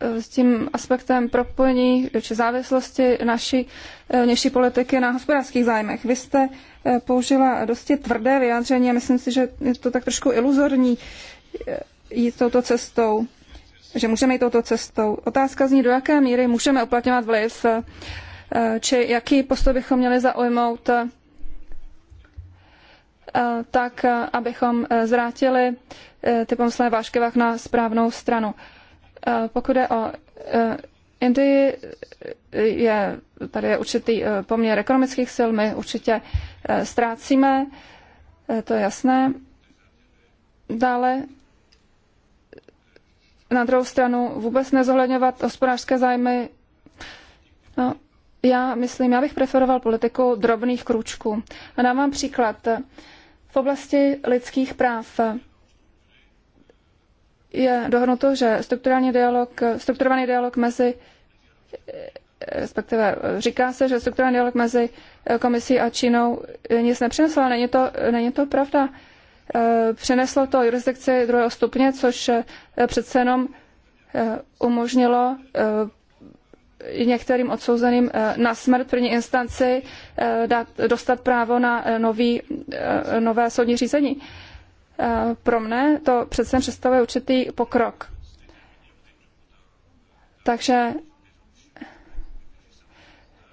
A: eh, s tím aspektem propojení či závislosti naší eh, vnější politiky na hospodářských zájmech. Vy jste eh, použila dosti tvrdé vyjádření a myslím si, že je to tak trošku iluzorní jít touto cestou, že můžeme jít touto cestou. Otázka zní, do jaké míry můžeme uplatňovat vliv Eh, či jaký postup bychom měli zaujmout, eh, tak eh, abychom zvrátili ty pomyslné vážky na správnou stranu. Pokud je o Indii je, tady je určitý poměr ekonomických sil, my určitě ztrácíme, to je jasné. Dále na druhou stranu vůbec nezohledňovat hospodářské zájmy, no, já myslím, já bych preferoval politiku drobných krůčků. A dám vám příklad. V oblasti lidských práv je dohodnuto, že strukturální dialog, strukturovaný dialog mezi respektive říká se, že strukturální dialog mezi komisí a Čínou nic nepřinesl, ale není to, není to pravda. Přineslo to jurisdikci druhého stupně, což přece jenom umožnilo některým odsouzeným eh, na smrt první instanci eh, dát, dostat právo na eh, nový, nové soudní řízení. Pro mne to přece představuje určitý pokrok. Takže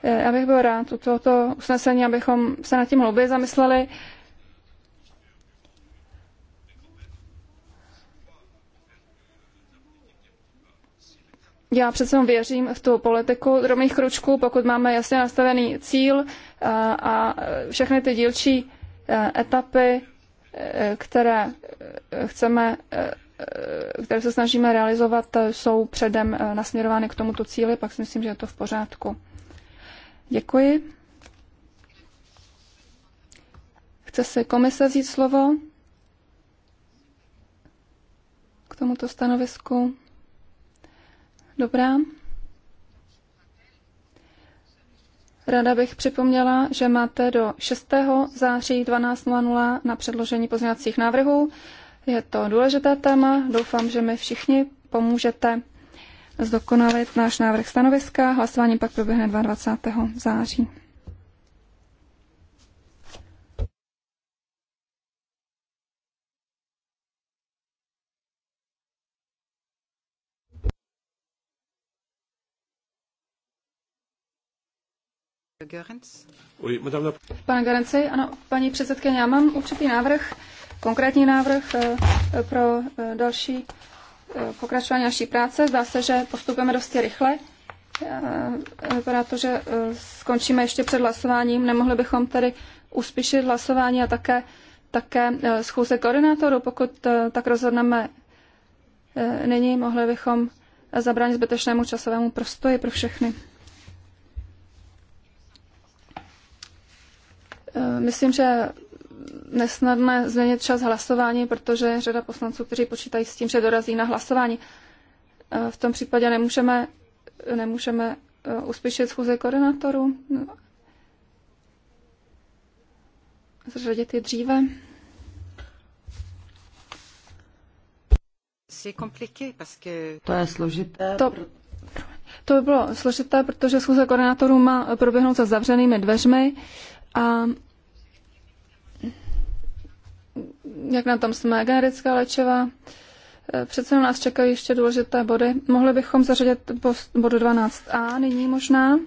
A: já bych byl rád u tohoto usnesení, abychom se nad tím hlouběji zamysleli Já přece věřím v tu politiku drobných kručků, pokud máme jasně nastavený cíl a všechny ty dílčí e, etapy, e, které e, chceme které se snažíme realizovat, jsou předem nasměrovány k tomuto cíli, pak si myslím, že je to v pořádku. Děkuji. Chce se komise vzít slovo k tomuto stanovisku? Dobrá. Ráda bych připomněla, že máte do 6. září 12.00 na předložení pozměňovacích návrhů. Je to důležité téma. Doufám, že mi všichni pomůžete zdokonalit náš návrh stanoviska. Hlasování pak proběhne 22. září. Pane Görenci, ano, paní předsedkyně, já mám určitý návrh, konkrétní návrh eh, pro eh, další eh, pokračování naší práce. Zdá se, že postupujeme dosti rychle. Vypadá to, že skončíme ještě před hlasováním. Nemohli bychom tedy uspěšit hlasování a také, také schůze koordinátorů. Pokud tak rozhodneme nyní, mohli bychom zabránit zbytečnému časovému prostoru pro všechny. Eh, myslím, že nesnadné změnit čas hlasování, protože je řada poslanců, kteří počítají s tím, že dorazí na hlasování. Eh, v tom případě nemůžeme, nemůžeme eh, uspěšit schůze koordinátorů. No,
C: Zřadit je dříve. To je
E: složité.
C: To,
A: to by bylo složité, protože schůze koordinátorů má proběhnout za zavřenými dveřmi a jak na tom jsme, generická léčiva. Eh, přece nás čekají ještě důležité body. Mohli bychom zařadit bodu 12a nyní možná,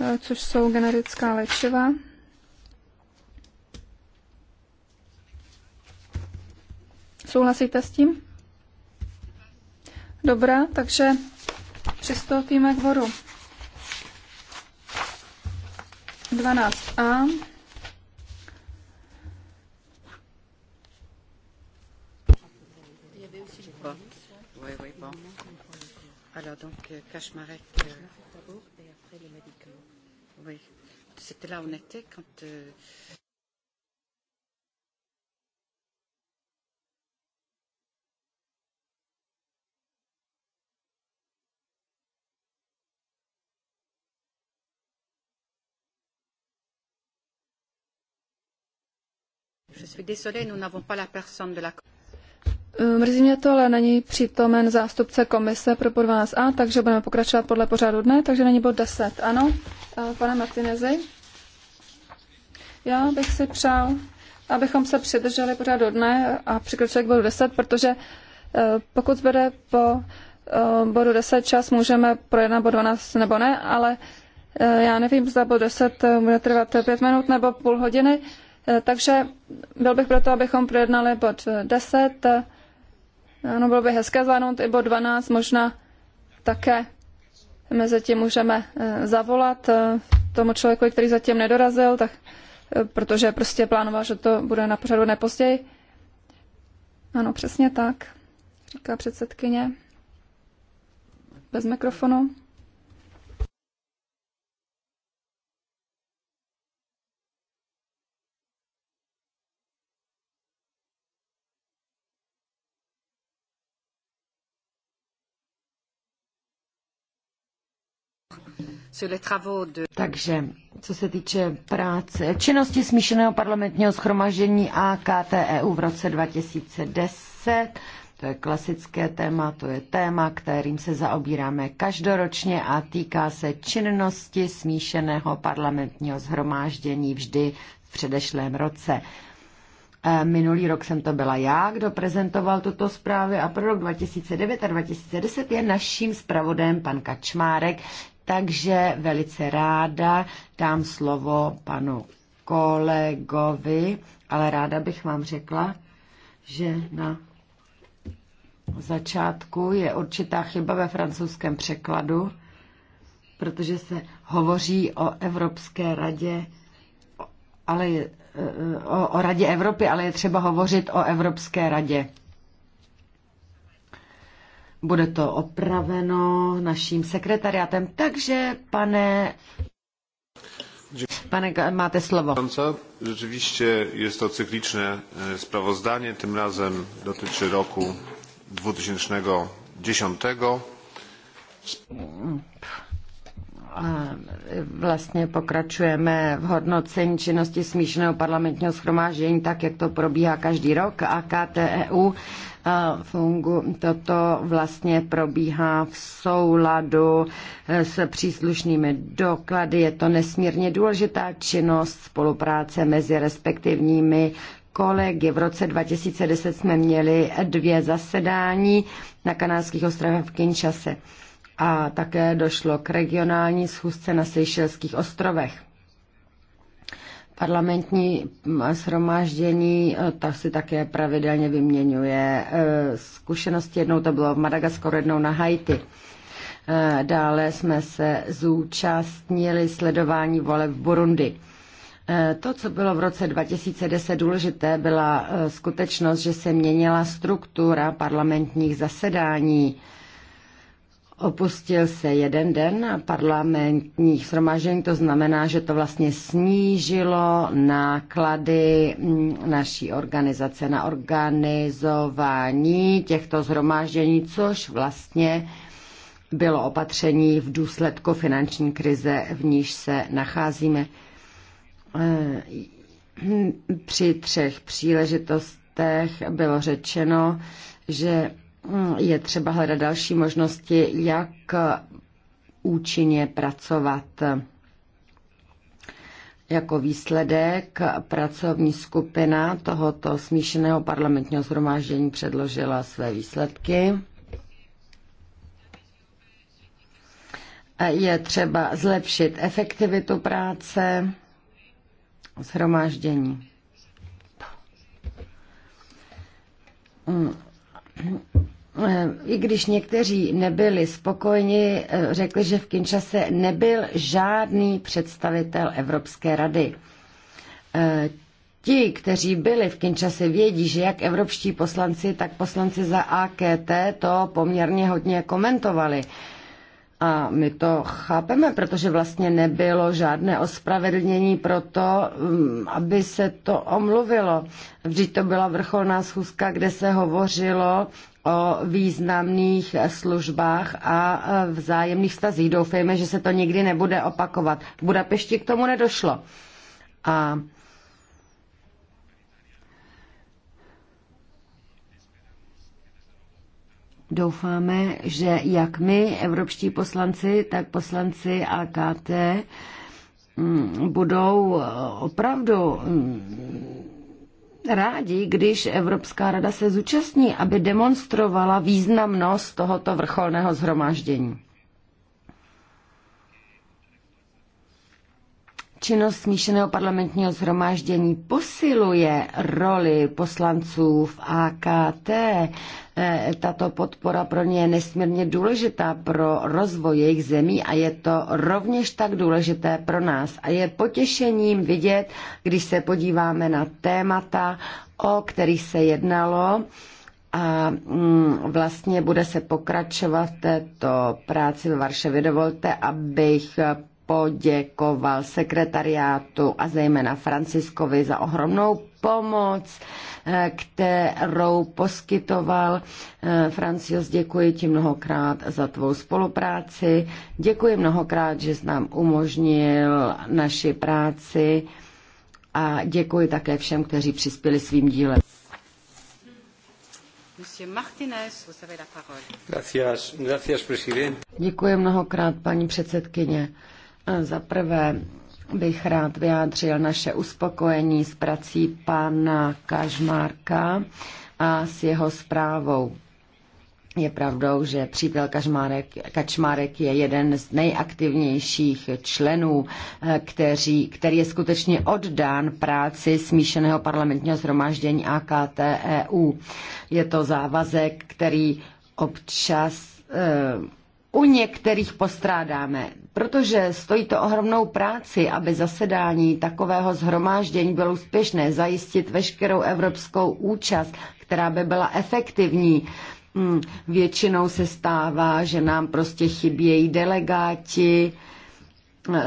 A: eh, což jsou generická léčiva. Souhlasíte s tím? Dobrá, takže přistoupíme k bodu 12a.
C: Bon. Alors donc, Cachmarek. Euh... D'abord euh, et après les médicaments. Oui. C'était là où on était quand. Euh... Je suis désolée, nous n'avons pas la personne de la.
A: Eh, mrzí mě to, ale není přítomen zástupce komise pro bod 12a, takže budeme pokračovat podle pořádu dne, takže není bod 10. Ano, eh, pane Martinezi? Já bych si přál, abychom se přidrželi pořádu dne a přikročili k bodu 10, protože eh, pokud bude po bodu 10 čas, můžeme projednat bod 12 nebo ne, ale já nevím, zda bod 10 bude trvat 5 minut nebo půl hodiny, takže byl bych proto, abychom projednali bod 10 ano, bylo by hezké zvládnout i bod 12, možná také mezi tím můžeme eh, zavolat eh, tomu člověku, který zatím nedorazil, tak, eh, protože prostě plánoval, že to bude na pořadu nepozději. Ano, přesně tak, říká předsedkyně. Bez mikrofonu.
E: Takže, co se týče práce, činnosti smíšeného parlamentního schromaždění a KTEU v roce 2010, to je klasické téma, to je téma, kterým se zaobíráme každoročně a týká se činnosti smíšeného parlamentního schromáždění vždy v předešlém roce. E, minulý rok jsem to byla já, kdo prezentoval tuto zprávu a pro rok 2009 a 2010 je naším zpravodajem pan Kačmárek, takže velice ráda dám slovo panu kolegovi, ale ráda bych vám řekla, že na začátku je určitá chyba ve francouzském překladu, protože se hovoří o Evropské radě, ale je, e, e, o, o Radě Evropy, ale je třeba hovořit o Evropské radě. Bude to opraveno naším sekretariátem. Takže, pane... Pane, máte slovo.
B: Rzeczywiście jest to cykliczne e, sprawozdanie. Tym razem dotyczy roku 2010
E: vlastně pokračujeme v hodnocení činnosti smíšeného parlamentního schromáždění, tak jak to probíhá každý rok a KTEU a eh, fungu, toto vlastně probíhá v souladu eh, s příslušnými doklady. Je to nesmírně důležitá činnost spolupráce mezi respektivními kolegy. V roce 2010 jsme měli dvě zasedání na kanálských ostrovech v Kinshase a také došlo k regionální schůzce na Seychelských ostrovech. Parlamentní mm, shromáždění eh, ta si také pravidelně vyměňuje eh, zkušenosti. Jednou to bylo v Madagaskoru, jednou na Haiti. Eh, dále jsme se zúčastnili sledování voleb v Burundi. To, co bylo v roce 2010 důležité, byla skutečnost, že se měnila struktura parlamentních zasedání opustil se jeden den parlamentních shromažení, to znamená, že to vlastně snížilo náklady mm, naší organizace na organizování těchto shromáždění, což vlastně bylo opatření v důsledku finanční krize, v níž se nacházíme. Eh, při třech příležitostech bylo řečeno, že je třeba hledat další možnosti, jak účinně pracovat. Jako výsledek pracovní skupina tohoto smíšeného parlamentního zhromáždění předložila své výsledky. Je třeba zlepšit efektivitu práce zhromáždění i když někteří nebyli spokojeni, eh, řekli, že v Kinčase nebyl žádný představitel Evropské rady. Eh, ti, kteří byli v Kinčase, vědí, že jak evropští poslanci, tak poslanci za AKT to poměrně hodně komentovali. A my to chápeme, protože vlastně nebylo žádné ospravedlnění pro to, mm, aby se to omluvilo. Vždyť to byla vrcholná schůzka, kde se hovořilo o významných službách a e, vzájemných stazích. Doufejme, že se to nikdy nebude opakovat. V Budapešti k tomu nedošlo. A Doufáme, že jak my, evropští poslanci, tak poslanci AKT, mm, budou eh, opravdu mm, rádi, když Evropská rada se zúčastní, aby demonstrovala významnost tohoto vrcholného zhromáždění. Činnost smíšeného parlamentního zhromáždění posiluje roli poslanců v AKT. E, tato podpora pro ně je nesmírně důležitá pro rozvoj jejich zemí a je to rovněž tak důležité pro nás. A je potěšením vidět, když se podíváme na témata, o kterých se jednalo, a mm, vlastně bude se pokračovat této práci ve Varšavě. Dovolte, abych poděkoval sekretariátu a zejména Franciskovi za ohromnou pomoc, eh, kterou poskytoval. Eh, Francios, děkuji ti mnohokrát za tvou spolupráci. Děkuji mnohokrát, že jsi nám umožnil naši práci a děkuji také všem, kteří přispěli svým dílem. Děkuji mnohokrát, paní předsedkyně. Za prvé bych rád vyjádřil naše uspokojení s prací pana Kažmárka a s jeho zprávou. Je pravdou, že přítel Kažmárek Kačmárek je jeden z nejaktivnějších členů, eh, kteří, který je skutečně oddán práci smíšeného parlamentního zhromáždění AKT EU. Je to závazek, který občas eh, u některých postrádáme, protože stojí to ohromnou práci, aby zasedání takového zhromáždění bylo úspěšné, zajistit veškerou evropskou účast, která by byla efektivní. Hmm, většinou se stává, že nám prostě chybějí delegáti,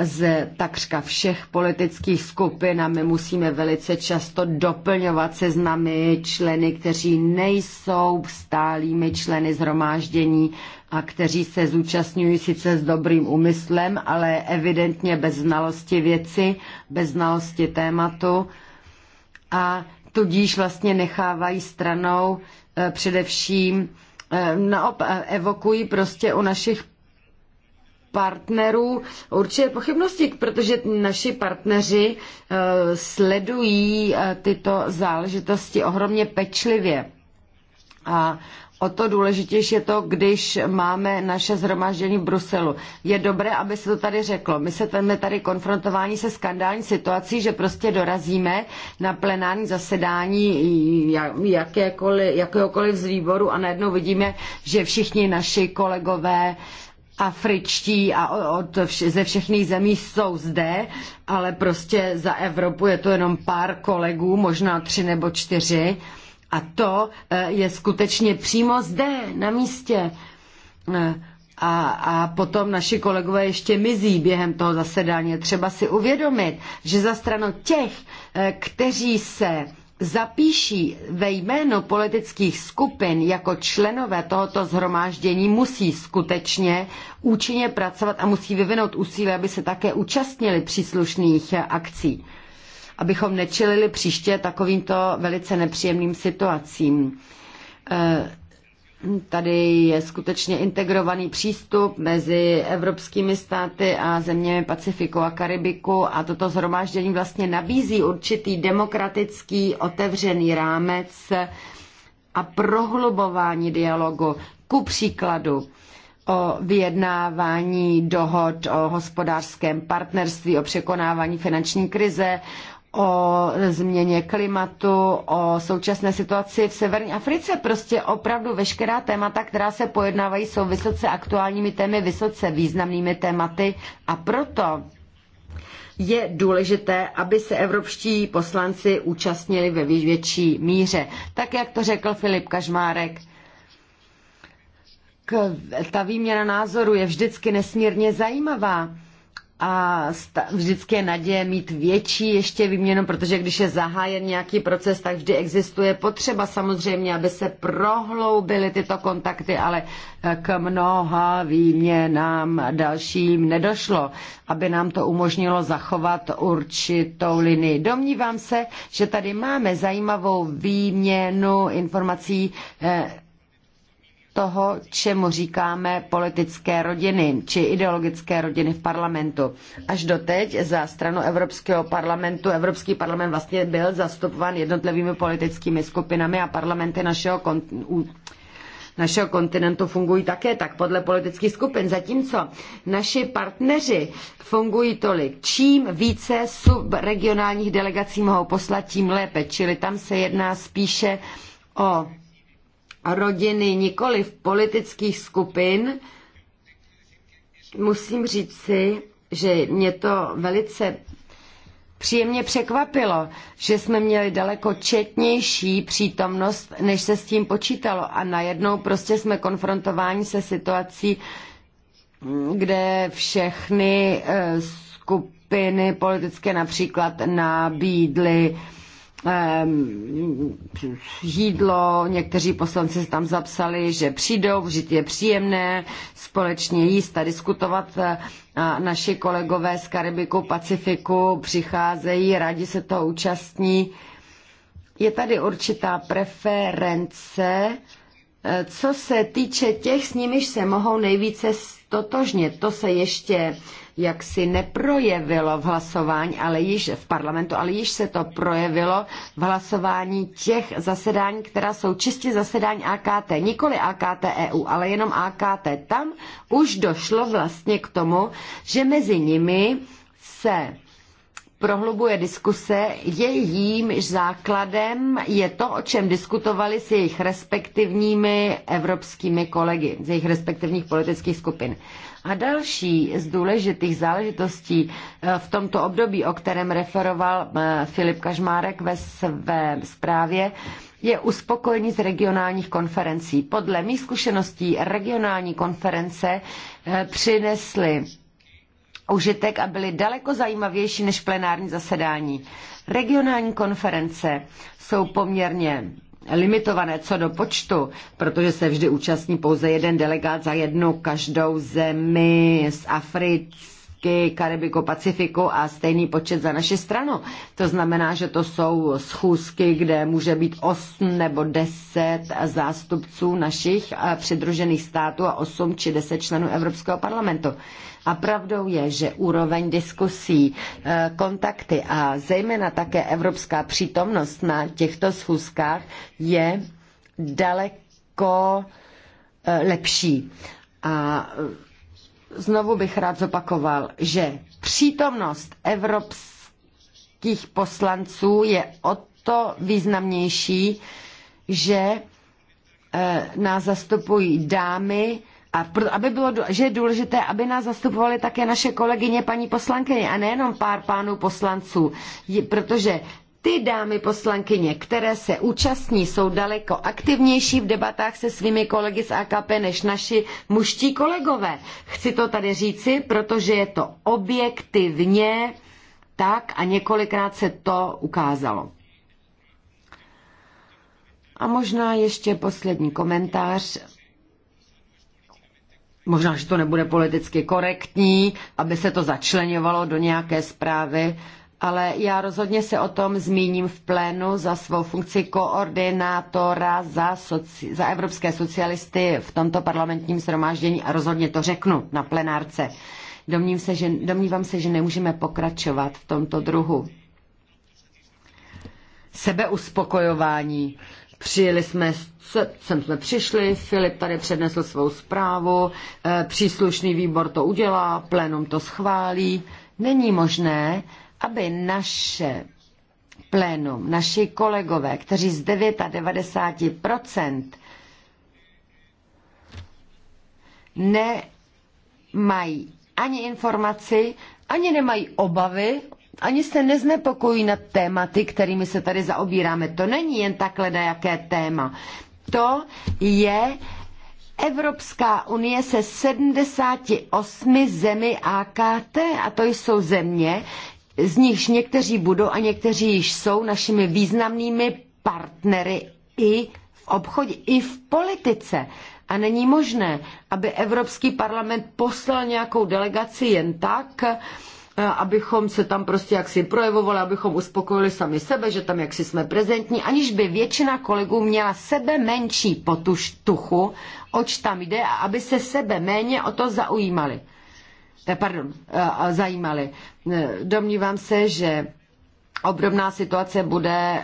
E: z takřka všech politických skupin a my musíme velice často doplňovat seznamy členy, kteří nejsou stálými členy zhromáždění a kteří se zúčastňují sice s dobrým úmyslem, ale evidentně bez znalosti věci, bez znalosti tématu a tudíž vlastně nechávají stranou e, především, e, naopak e, evokují prostě u našich partnerů určitě pochybnosti, protože naši partneři sledují tyto záležitosti ohromně pečlivě. A O to důležitější je to, když máme naše zhromaždění v Bruselu. Je dobré, aby se to tady řeklo. My se tady, tady konfrontování se skandální situací, že prostě dorazíme na plenární zasedání jakéhokoliv z výboru a najednou vidíme, že všichni naši kolegové afričtí a od, ze všechných zemí jsou zde, ale prostě za Evropu je to jenom pár kolegů, možná tři nebo čtyři. A to e, je skutečně přímo zde, na místě. E, a, a potom naši kolegové ještě mizí během toho zasedání. Třeba si uvědomit, že za stranu těch, e, kteří se zapíší ve jméno politických skupin jako členové tohoto zhromáždění, musí skutečně účinně pracovat a musí vyvinout úsilí, aby se také účastnili příslušných akcí abychom nečelili příště takovýmto velice nepříjemným situacím. Eh, tady je skutečně integrovaný přístup mezi evropskými státy a zeměmi Pacifiku a Karibiku a toto zhromáždění vlastně nabízí určitý demokratický otevřený rámec a prohlubování dialogu. Ku příkladu o vyjednávání dohod o hospodářském partnerství, o překonávání finanční krize, o změně klimatu, o současné situaci v Severní Africe. Prostě opravdu veškerá témata, která se pojednávají, jsou vysoce aktuálními témy, vysoce významnými tématy a proto je důležité, aby se evropští poslanci účastnili ve větší míře. Tak, jak to řekl Filip Kažmárek, k, ta výměna názoru je vždycky nesmírně zajímavá a vždycky je naděje mít větší ještě výměnu, protože když je zahájen nějaký proces, tak vždy existuje potřeba samozřejmě, aby se prohloubily tyto kontakty, ale eh, k mnoha výměnám dalším nedošlo, aby nám to umožnilo zachovat určitou linii. Domnívám se, že tady máme zajímavou výměnu informací eh, toho, čemu říkáme politické rodiny či ideologické rodiny v parlamentu. Až doteď za stranu Evropského parlamentu, Evropský parlament vlastně byl zastupován jednotlivými politickými skupinami a parlamenty našeho kontinentu našeho kontinentu fungují také tak podle politických skupin, zatímco naši partneři fungují tolik. Čím více subregionálních delegací mohou poslat, tím lépe, čili tam se jedná spíše o rodiny, nikoli v politických skupin, musím říct si, že mě to velice příjemně překvapilo, že jsme měli daleko četnější přítomnost, než se s tím počítalo. A najednou prostě jsme konfrontováni se situací, kde všechny eh, skupiny politické například nabídly Ehm, jídlo, někteří poslanci se tam zapsali, že přijdou, že je příjemné společně jíst a diskutovat. E, a naši kolegové z Karibiku, Pacifiku přicházejí, rádi se toho účastní. Je tady určitá preference co se týče těch, s nimiž se mohou nejvíce stotožnit, to se ještě jaksi neprojevilo v hlasování, ale již v parlamentu, ale již se to projevilo v hlasování těch zasedání, která jsou čistě zasedání AKT, nikoli AKT EU, ale jenom AKT. Tam už došlo vlastně k tomu, že mezi nimi se prohlubuje diskuse, jejímž základem je to, o čem diskutovali s jejich respektivními evropskými kolegy, z jejich respektivních politických skupin. A další z důležitých záležitostí eh, v tomto období, o kterém referoval eh, Filip Kažmárek ve své zprávě, je uspokojení z regionálních konferencí. Podle mých zkušeností regionální konference eh, přinesly užitek a byly daleko zajímavější než plenární zasedání. Regionální konference jsou poměrně limitované co do počtu, protože se vždy účastní pouze jeden delegát za jednu každou zemi z Afriky Ameriky, Karibiku-Pacifiku a stejný počet za naši stranu. To znamená, že to jsou schůzky, kde může být 8 nebo 10 zástupců našich eh, přidružených států a 8 či 10 členů Evropského parlamentu. A pravdou je, že úroveň diskusí, eh, kontakty a zejména také evropská přítomnost na těchto schůzkách je daleko eh, lepší. A Znovu bych rád zopakoval, že přítomnost evropských poslanců je o to významnější, že eh, nás zastupují dámy, a aby bylo, že je důležité, aby nás zastupovali také naše kolegyně paní poslankyně a nejenom pár pánů poslanců, protože ty dámy poslankyně, které se účastní, jsou daleko aktivnější v debatách se svými kolegy z AKP než naši muští kolegové. Chci to tady říci, protože je to objektivně tak a několikrát se to ukázalo. A možná ještě poslední komentář. Možná, že to nebude politicky korektní, aby se to začlenovalo do nějaké zprávy, ale já rozhodně se o tom zmíním v plénu za svou funkci koordinátora za, soci, za evropské socialisty v tomto parlamentním shromáždění a rozhodně to řeknu na plenárce. Domním se, že, domnívám se, že nemůžeme pokračovat v tomto druhu. Sebeuspokojování. Přijeli jsme, sem jsme přišli, Filip tady přednesl svou zprávu, eh, příslušný výbor to udělá, plénum to schválí. Není možné, aby naše plénum, naši kolegové, kteří z 99% nemají ani informaci, ani nemají obavy, ani se neznepokojí nad tématy, kterými se tady zaobíráme. To není jen takhle na jaké téma. To je Evropská unie se 78 zemi AKT a to jsou země, z nichž někteří budou a někteří již jsou našimi významnými partnery i v obchodě, i v politice. A není možné, aby Evropský parlament poslal nějakou delegaci jen tak, eh, abychom se tam prostě jaksi projevovali, abychom uspokojili sami sebe, že tam jaksi jsme prezentní, aniž by většina kolegů měla sebe menší potuš tuchu, oč tam jde a aby se sebe méně o to zaujímali. Eh, pardon, eh, zajímaly. Eh, domnívám se, že Obdobná situace bude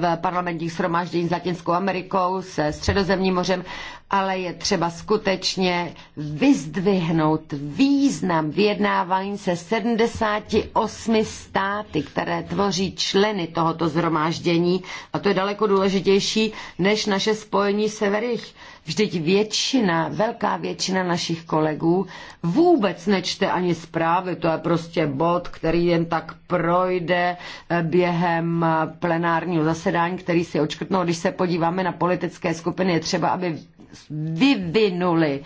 E: v parlamentních shromáždění s Latinskou Amerikou, se Středozemním mořem, ale je třeba skutečně vyzdvihnout význam vyjednávání se 78 státy, které tvoří členy tohoto zhromáždění. A to je daleko důležitější než naše spojení severých Vždyť většina, velká většina našich kolegů vůbec nečte ani zprávy, to je prostě bod, který jen tak projde eh, během eh, plenárního zasedání, který si očkrtnou. Když se podíváme na politické skupiny, je třeba, aby vyvinuli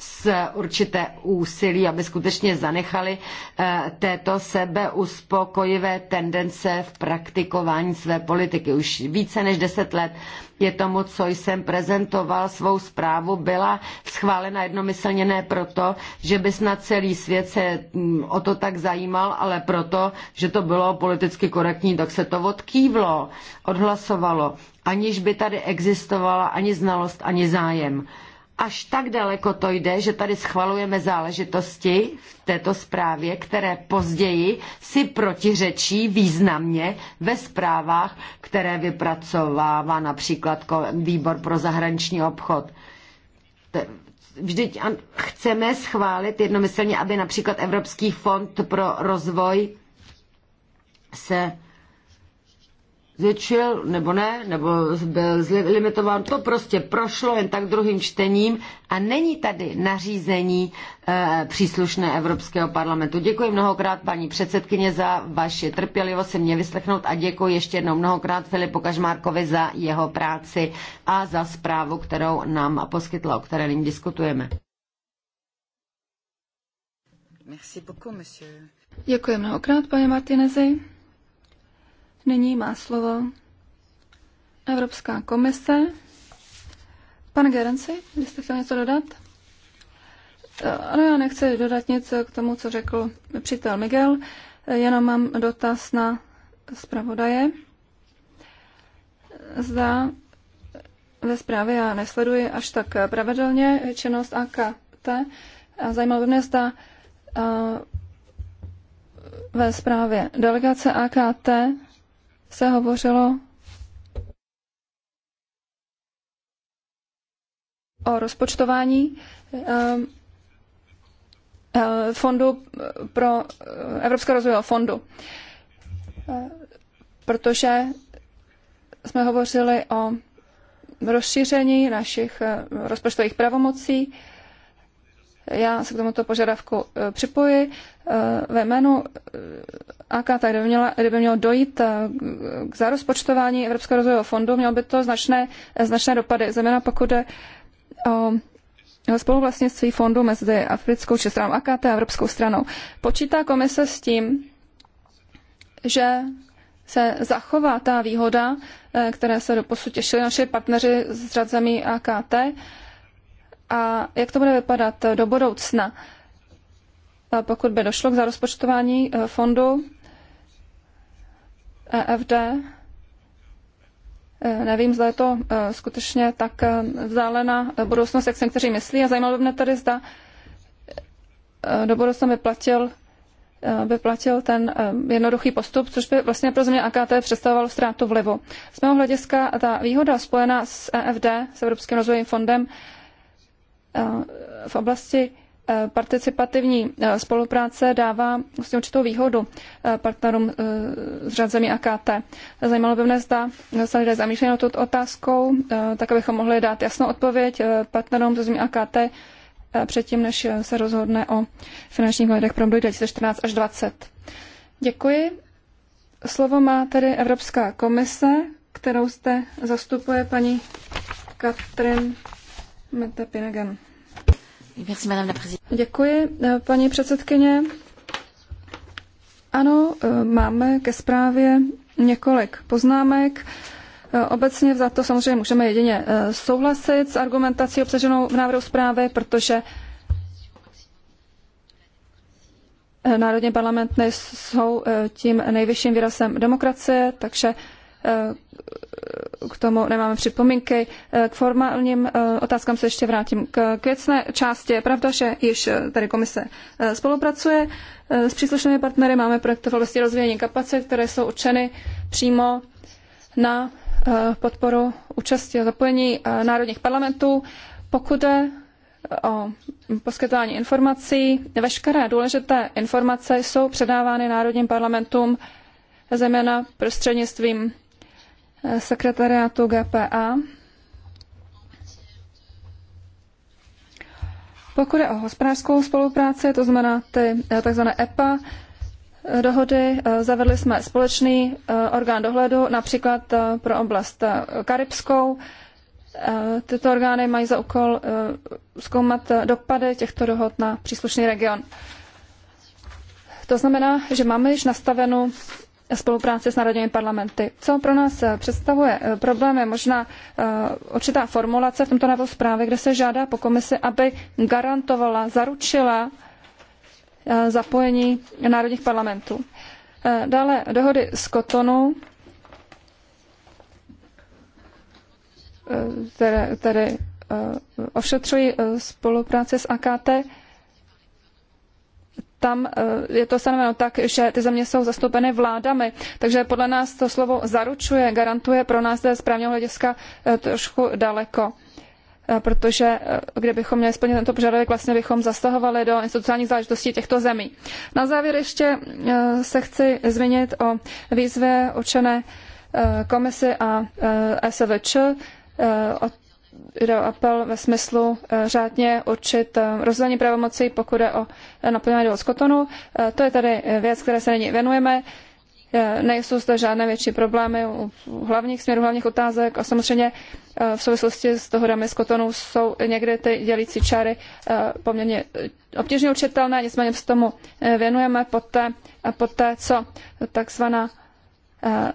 E: s určité úsilí, aby skutečně zanechali eh, této sebeuspokojivé tendence v praktikování své politiky. Už více než deset let je tomu, co jsem prezentoval svou zprávu, byla schválena jednomyslně ne proto, že by snad celý svět se mm, o to tak zajímal, ale proto, že to bylo politicky korektní, tak se to odkývlo, odhlasovalo, aniž by tady existovala ani znalost, ani zájem až tak daleko to jde, že tady schvalujeme záležitosti v této zprávě, které později si protiřečí významně ve zprávách, které vypracovává například výbor pro zahraniční obchod. Vždyť chceme schválit jednomyslně, aby například Evropský fond pro rozvoj se zvětšil, nebo ne, nebo byl limitován. To prostě prošlo jen tak druhým čtením a není tady nařízení e, příslušné Evropského parlamentu. Děkuji mnohokrát paní předsedkyně za vaši trpělivost se mě vyslechnout a děkuji ještě jednou mnohokrát Filipu Kažmárkovi za jeho práci a za zprávu, kterou nám poskytla, o které nyní diskutujeme.
C: Merci beaucoup, monsieur.
E: Děkuji mnohokrát,
A: pane Martinezi. Nyní má slovo Evropská komise. Pan Gerenci, jste chtěl něco dodat? Eh, ano, já nechci dodat nic k tomu, co řekl přítel Miguel, eh, jenom mám dotaz na zpravodaje. Zda ve zprávě já nesleduji až tak pravidelně činnost AKT. Zajímalo by mě, zda eh, ve zprávě delegace AKT se hovořilo o rozpočtování ehm, eh, fondu pro eh, Evropského rozvojového fondu, eh, protože jsme hovořili o rozšíření našich rozpočtových pravomocí já se k tomuto požadavku eh, připoji. Eh, ve jménu eh, AKT, kdyby, měla, kdyby mělo dojít k zarozpočtování Evropského rozvojového fondu, mělo by to značné, značné dopady, zejména pokud je o spoluvlastnictví fondu mezi africkou či stranou AKT a evropskou stranou. Počítá komise s tím, že se zachová ta výhoda, které se doposud těšili naši partneři z řad zemí AKT, a jak to bude vypadat do budoucna, pokud by došlo k zarozpočtování eh, fondu EFD. Eh, nevím, zda je to eh, skutečně tak vzdálená budoucnost, jak se někteří myslí. A zajímalo by mě tedy, zda do budoucna by platil ten jednoduchý postup, což by vlastně pro země AKT představovalo ztrátu vlivu. Z mého hlediska ta výhoda spojená s EFD, s Evropským rozvojovým fondem, v oblasti eh, participativní eh, spolupráce dává vlastně určitou výhodu eh, partnerům z řad zemí AKT. Zajímalo by mě zda se lidé zamýšlejí nad tuto otázkou, tak abychom mohli dát jasnou odpověď partnerům ze zemí AKT předtím, než se rozhodne o finančních hledech pro 2014 až 2020. Děkuji. Slovo má tedy Evropská komise, kterou zde zastupuje paní Katrin Meta Pinagan. Děkuji, eh, paní předsedkyně. Ano, eh, máme ke zprávě několik poznámek. Eh, obecně za to samozřejmě můžeme jedině souhlasit s argumentací obsaženou v návrhu zprávy, protože národní parlamenty jsou tím nejvyšším výrazem demokracie, takže k tomu nemáme připomínky. Eh, k formálním eh, otázkám se ještě vrátím. K věcné části je pravda, že již eh, tady komise spolupracuje s příslušnými partnery. Máme projekty v oblasti rozvíjení kapacit, které jsou určeny přímo na podporu účasti a zapojení národních parlamentů. Pokud je o poskytování informací, veškeré důležité informace jsou předávány národním parlamentům, zejména prostřednictvím Eh, sekretariátu GPA. Pokud je o hospodářskou spolupráci, to znamená ty eh, tzv. EPA eh, dohody, zavedli jsme společný orgán dohledu, například pro oblast karibskou. Tyto orgány mají za úkol zkoumat dopady těchto dohod na příslušný region. To znamená, že máme již nastavenu spolupráci s národními parlamenty. Co pro nás eh, představuje eh, problém je možná eh, určitá formulace v tomto návrhu zprávy, kde se žádá po komisi, aby garantovala, zaručila zapojení národních parlamentů. Dále dohody z Kotonu, které, které ošetřují spolupráci s AKT, tam eh, je to stanoveno tak, že ty země jsou zastoupeny vládami. Takže podle nás to slovo zaručuje, garantuje pro nás je z právního hlediska eh, trošku daleko. Eh, protože kdybychom měli splnit tento požadavek, vlastně bychom zasahovali do institucionálních záležitostí těchto zemí. Na závěr ještě se chci zmínit o výzvě určené komisi a SVČ, o jde o apel ve smyslu eh, řádně určit eh, rozdělení pravomocí, pokud je o eh, naplňování od skotonu. To je tady věc, které se nyní věnujeme. Nejsou zde žádné větší problémy u hlavních směrů, hlavních otázek a samozřejmě v souvislosti s dohodami z Kotonu jsou někde ty dělící čáry poměrně obtížně určitelné, nicméně se tomu věnujeme poté, poté co takzvaná Eh,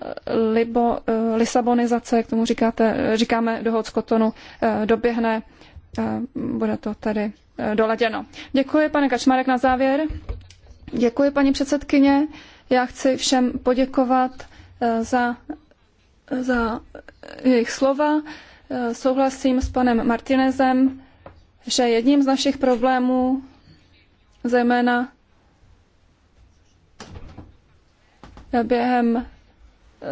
A: libo, eh, lisabonizace, jak tomu říkáte, eh, říkáme dohod z Kotonu, doběhne. Bude to tedy doladěno. Děkuji, pane Kačmarek, na závěr. Děkuji, paní předsedkyně. Já chci všem poděkovat za, za jejich slova. Souhlasím s panem Martinezem, že jedním z našich problémů, zejména během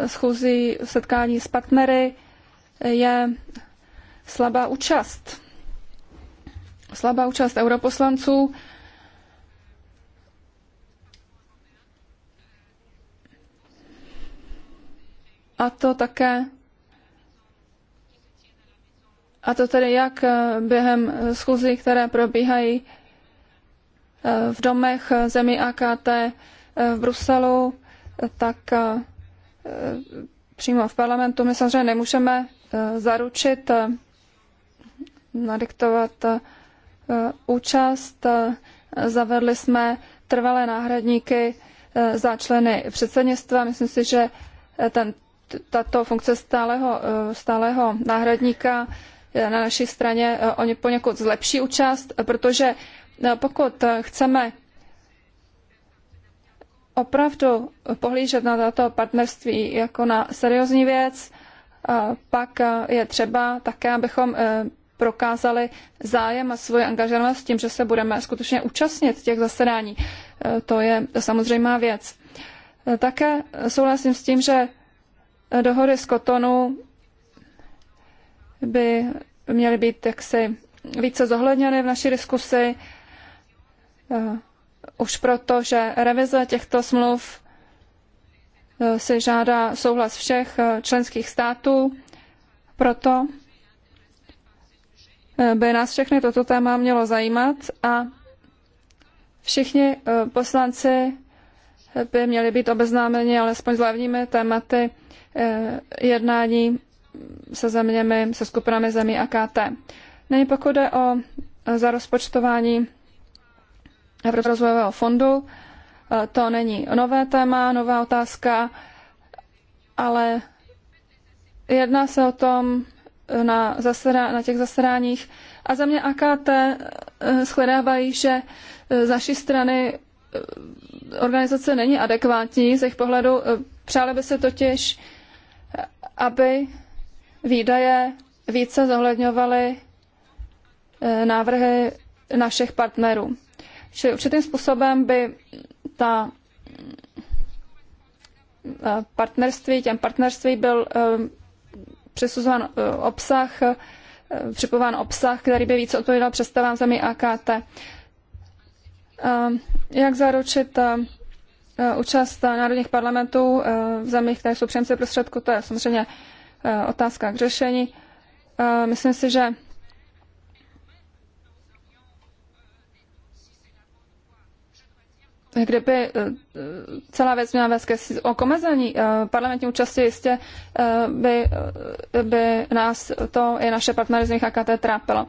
A: schůzí, setkání s partnery je slabá účast. Slabá účast europoslanců. A to také a to tedy jak eh, během schůzí, které probíhají eh, v domech eh, zemí AKT v Bruselu, tak přímo v parlamentu. My samozřejmě nemůžeme eh, zaručit, eh, nadiktovat eh, účast. Zavedli jsme trvalé náhradníky za členy předsednictva. Myslím si, že ten, tato funkce stáleho stáleho náhradníka na naší straně oni poněkud zlepší účast, protože pokud chceme opravdu pohlížet na tato partnerství jako na seriózní věc, pak je třeba také, abychom e, prokázali zájem a svoji angažovanost tím, že se budeme skutečně účastnit těch zasedání. E, to je samozřejmá věc. E, také souhlasím s tím, že dohody z Kotonu by měly být jaksi více zohledněny v naší diskusi už proto, že revize těchto smluv eh, si žádá souhlas všech eh, členských států, proto eh, by nás všechny toto téma mělo zajímat a všichni poslanci by měli být obeznámeni alespoň s hlavními tématy jednání se zeměmi, se skupinami zemí AKT. Nyní pokud jde o zarozpočtování Evropského fondu. Eh, to není nové téma, nová otázka, ale jedná se o tom eh, na, zaseda, na těch zasedáních. A za mě AKT eh, shledávají, že z naší strany organizace není adekvátní z jejich pohledu. Přáli by se totiž, aby výdaje více zohledňovaly návrhy našich partnerů. Čili určitým způsobem by ta eh, partnerství, těm partnerství byl eh, přisuzován eh, obsah, připován obsah, který by více odpovídal představám zemí AKT. Jak zaručit účast národních parlamentů v zemích, které jsou příjemci prostředku, to je samozřejmě otázka k řešení. Myslím si, že kdyby eh, celá věc měla vést o okomezení eh, parlamentní účasti, jistě eh, by, by nás to i naše partnery z nich AKT trápilo.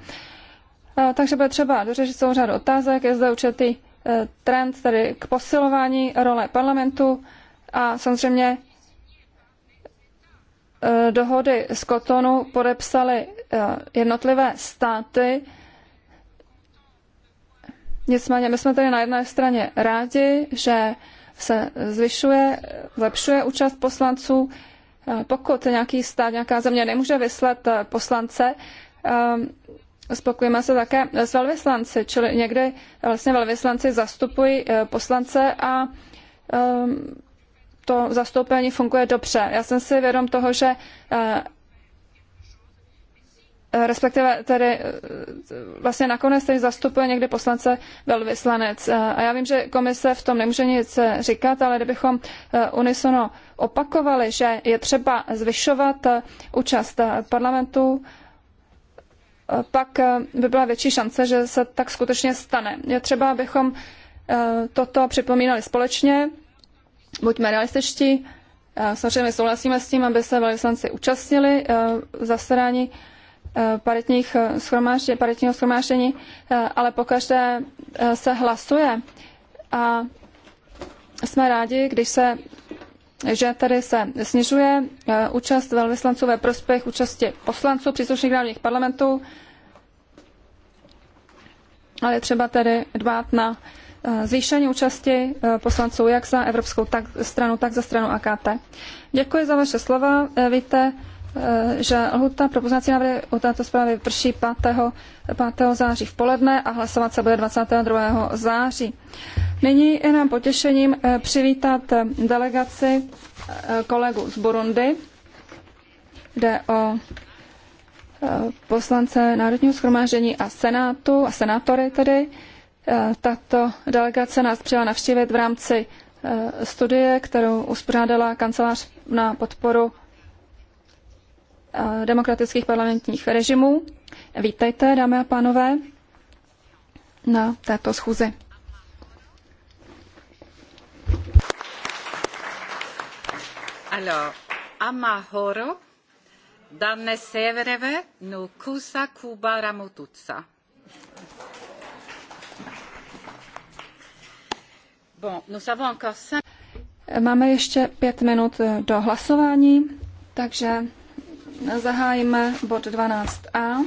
A: Takže bude třeba dořešit celou řadu otázek. Je zde určitý trend tedy k posilování role parlamentu a samozřejmě dohody z Kotonu podepsaly jednotlivé státy, Nicméně my jsme tady na jedné straně rádi, že se zvyšuje, zlepšuje účast poslanců. Eh, pokud nějaký stát, nějaká země nemůže vyslat eh, poslance, eh, spokojíme se také s velvyslanci, čili někdy vlastně velvyslanci zastupují poslance a to zastoupení funguje dobře. Já jsem si vědom toho, že Eh, respektive tedy eh, vlastně nakonec tedy zastupuje někde poslance velvyslanec. Eh, a já vím, že komise v tom nemůže nic říkat, ale kdybychom unisono opakovali, že je třeba zvyšovat účast parlamentu, pak by byla větší šance, že se tak skutečně stane. Je třeba, abychom toto připomínali společně, buďme realističtí, samozřejmě souhlasíme s tím, aby se velvyslanci účastnili v zasedání Eh, paritních eh, schromáždění, paritního schromáždění, eh, ale pokaždé se hlasuje. A jsme rádi, když se že tady se snižuje účast velvyslanců ve prospěch účasti poslanců příslušných národních parlamentů, ale třeba tedy dbát na zvýšení účasti poslanců jak za Evropskou tak, stranu, tak za stranu AKT. Děkuji za vaše slova. Víte, Eh, že lhuta pro poznací návrhy u této zprávy prší 5. 5. září v poledne a hlasovat se bude 22. září. Nyní je nám potěšením eh, přivítat eh, delegaci kolegů z Burundi. Jde o poslance Národního schromáždění a senátu, a senátory tedy. Tato delegace nás přijela navštívit v rámci studie, kterou uspořádala kancelář na podporu Eh, demokratických parlamentních režimů. Vítejte, dámy a pánové, na této schůzi.
C: Alors, Amahoro, danne severeve, nu kusa kuba ramututsa. Bon, nous avons encore cinq...
A: Máme ještě pět minut do hlasování, takže
C: zahájíme
A: bod 12a,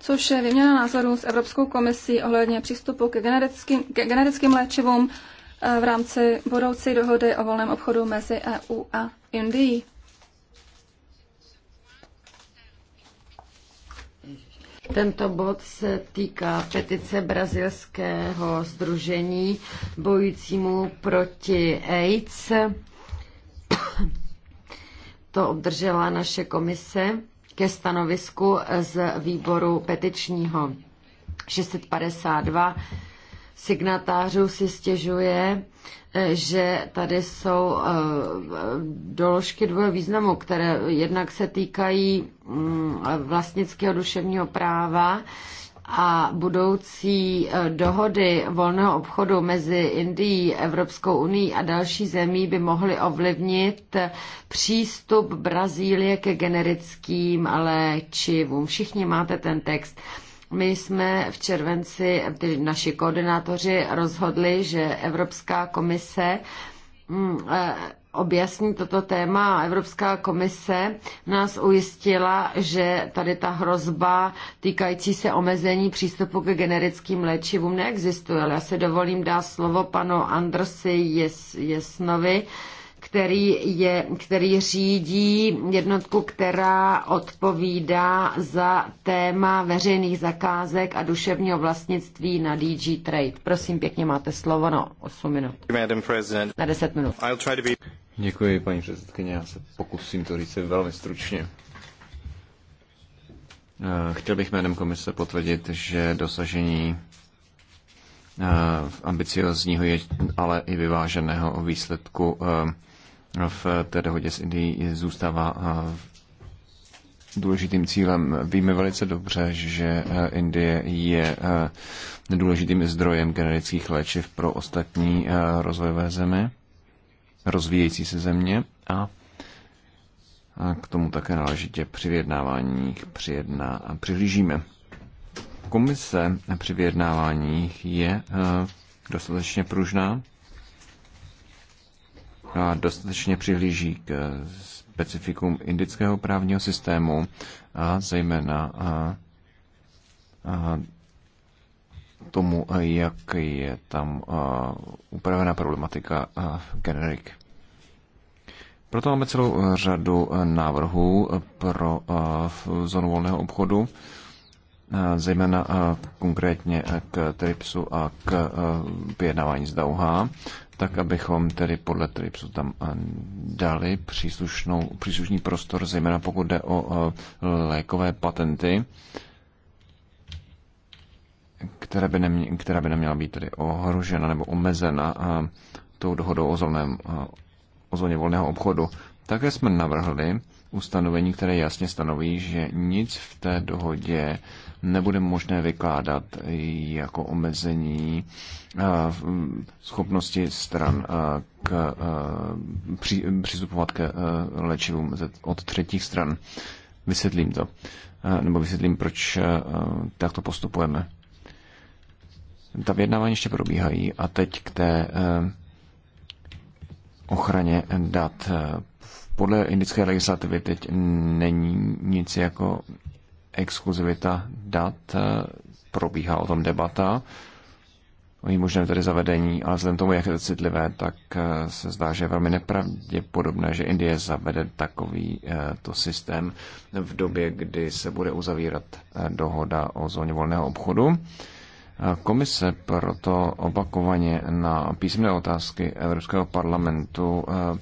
A: což je výměna názorů s Evropskou komisí ohledně přístupu ke generickým, ke generickým léčivům eh, v rámci budoucí dohody o volném obchodu mezi EU a Indií.
E: Tento bod se týká petice brazilského združení bojujícímu proti AIDS To obdržela naše komise ke stanovisku z výboru petičního 652 signatářů si stěžuje, eh, že tady jsou eh, doložky dvoje významu, které jednak se týkají mm, vlastnického duševního práva a budoucí eh, dohody volného obchodu mezi Indií, Evropskou unii a další zemí by mohly ovlivnit eh, přístup Brazílie ke generickým léčivům. Všichni máte ten text. My jsme v červenci, tedy naši koordinátoři, rozhodli, že Evropská komise mm, eh, objasní toto téma. Evropská komise nás ujistila, že tady ta hrozba týkající se omezení přístupu ke generickým léčivům neexistuje. Ale já se dovolím dát slovo panu Andersi Jes, Jesnovi, který, je, který řídí jednotku, která odpovídá za téma veřejných zakázek a duševního vlastnictví na DG Trade. Prosím, pěkně máte slovo, no, 8 minut.
B: Na 10 minut. Děkuji, paní předsedkyně. Já se pokusím to říct velmi stručně. Eh, chtěl bych jménem komise potvrdit, že dosažení eh, ambiciozního, ale i vyváženého výsledku eh, v té dohodě s Indií zůstává důležitým cílem. Víme velice dobře, že Indie je důležitým zdrojem generických léčiv pro ostatní rozvojové země rozvíjející se země a k tomu také náležitě při vyjednáváních přijedná, přihlížíme. Komise při vyjednáváních je e, dostatečně pružná a dostatečně přihlíží k specifikům indického právního systému a zejména a, a tomu, jak je tam upravená problematika generik. Proto máme celou řadu návrhů pro zónu volného obchodu, zejména konkrétně k TRIPSu a k vyjednávání z Dauha, tak abychom tedy podle TRIPSu tam dali příslušnou, příslušný prostor, zejména pokud jde o lékové patenty, která by nemě, která by neměla být tedy ohrožena nebo omezena a tou dohodou o, zóném, o zóně volného obchodu. Také jsme navrhli ustanovení, které jasně stanoví, že nic v té dohodě nebude možné vykládat jako omezení schopnosti stran k, při, přistupovat ke léčivům od třetích stran. Vysvětlím to, nebo vysvětlím, proč takto postupujeme. Ta vyjednávání ještě probíhají a teď k té eh, ochraně dat. Podle indické legislativy teď není nic jako exkluzivita dat, eh, probíhá o tom debata o jejím možném tedy zavedení, ale vzhledem tomu, jak je to citlivé, tak eh, se zdá, že je velmi nepravděpodobné, že Indie zavede takový to systém v době, kdy se bude uzavírat dohoda o zóně volného obchodu. Komise proto opakovaně na písemné otázky Evropského parlamentu eh,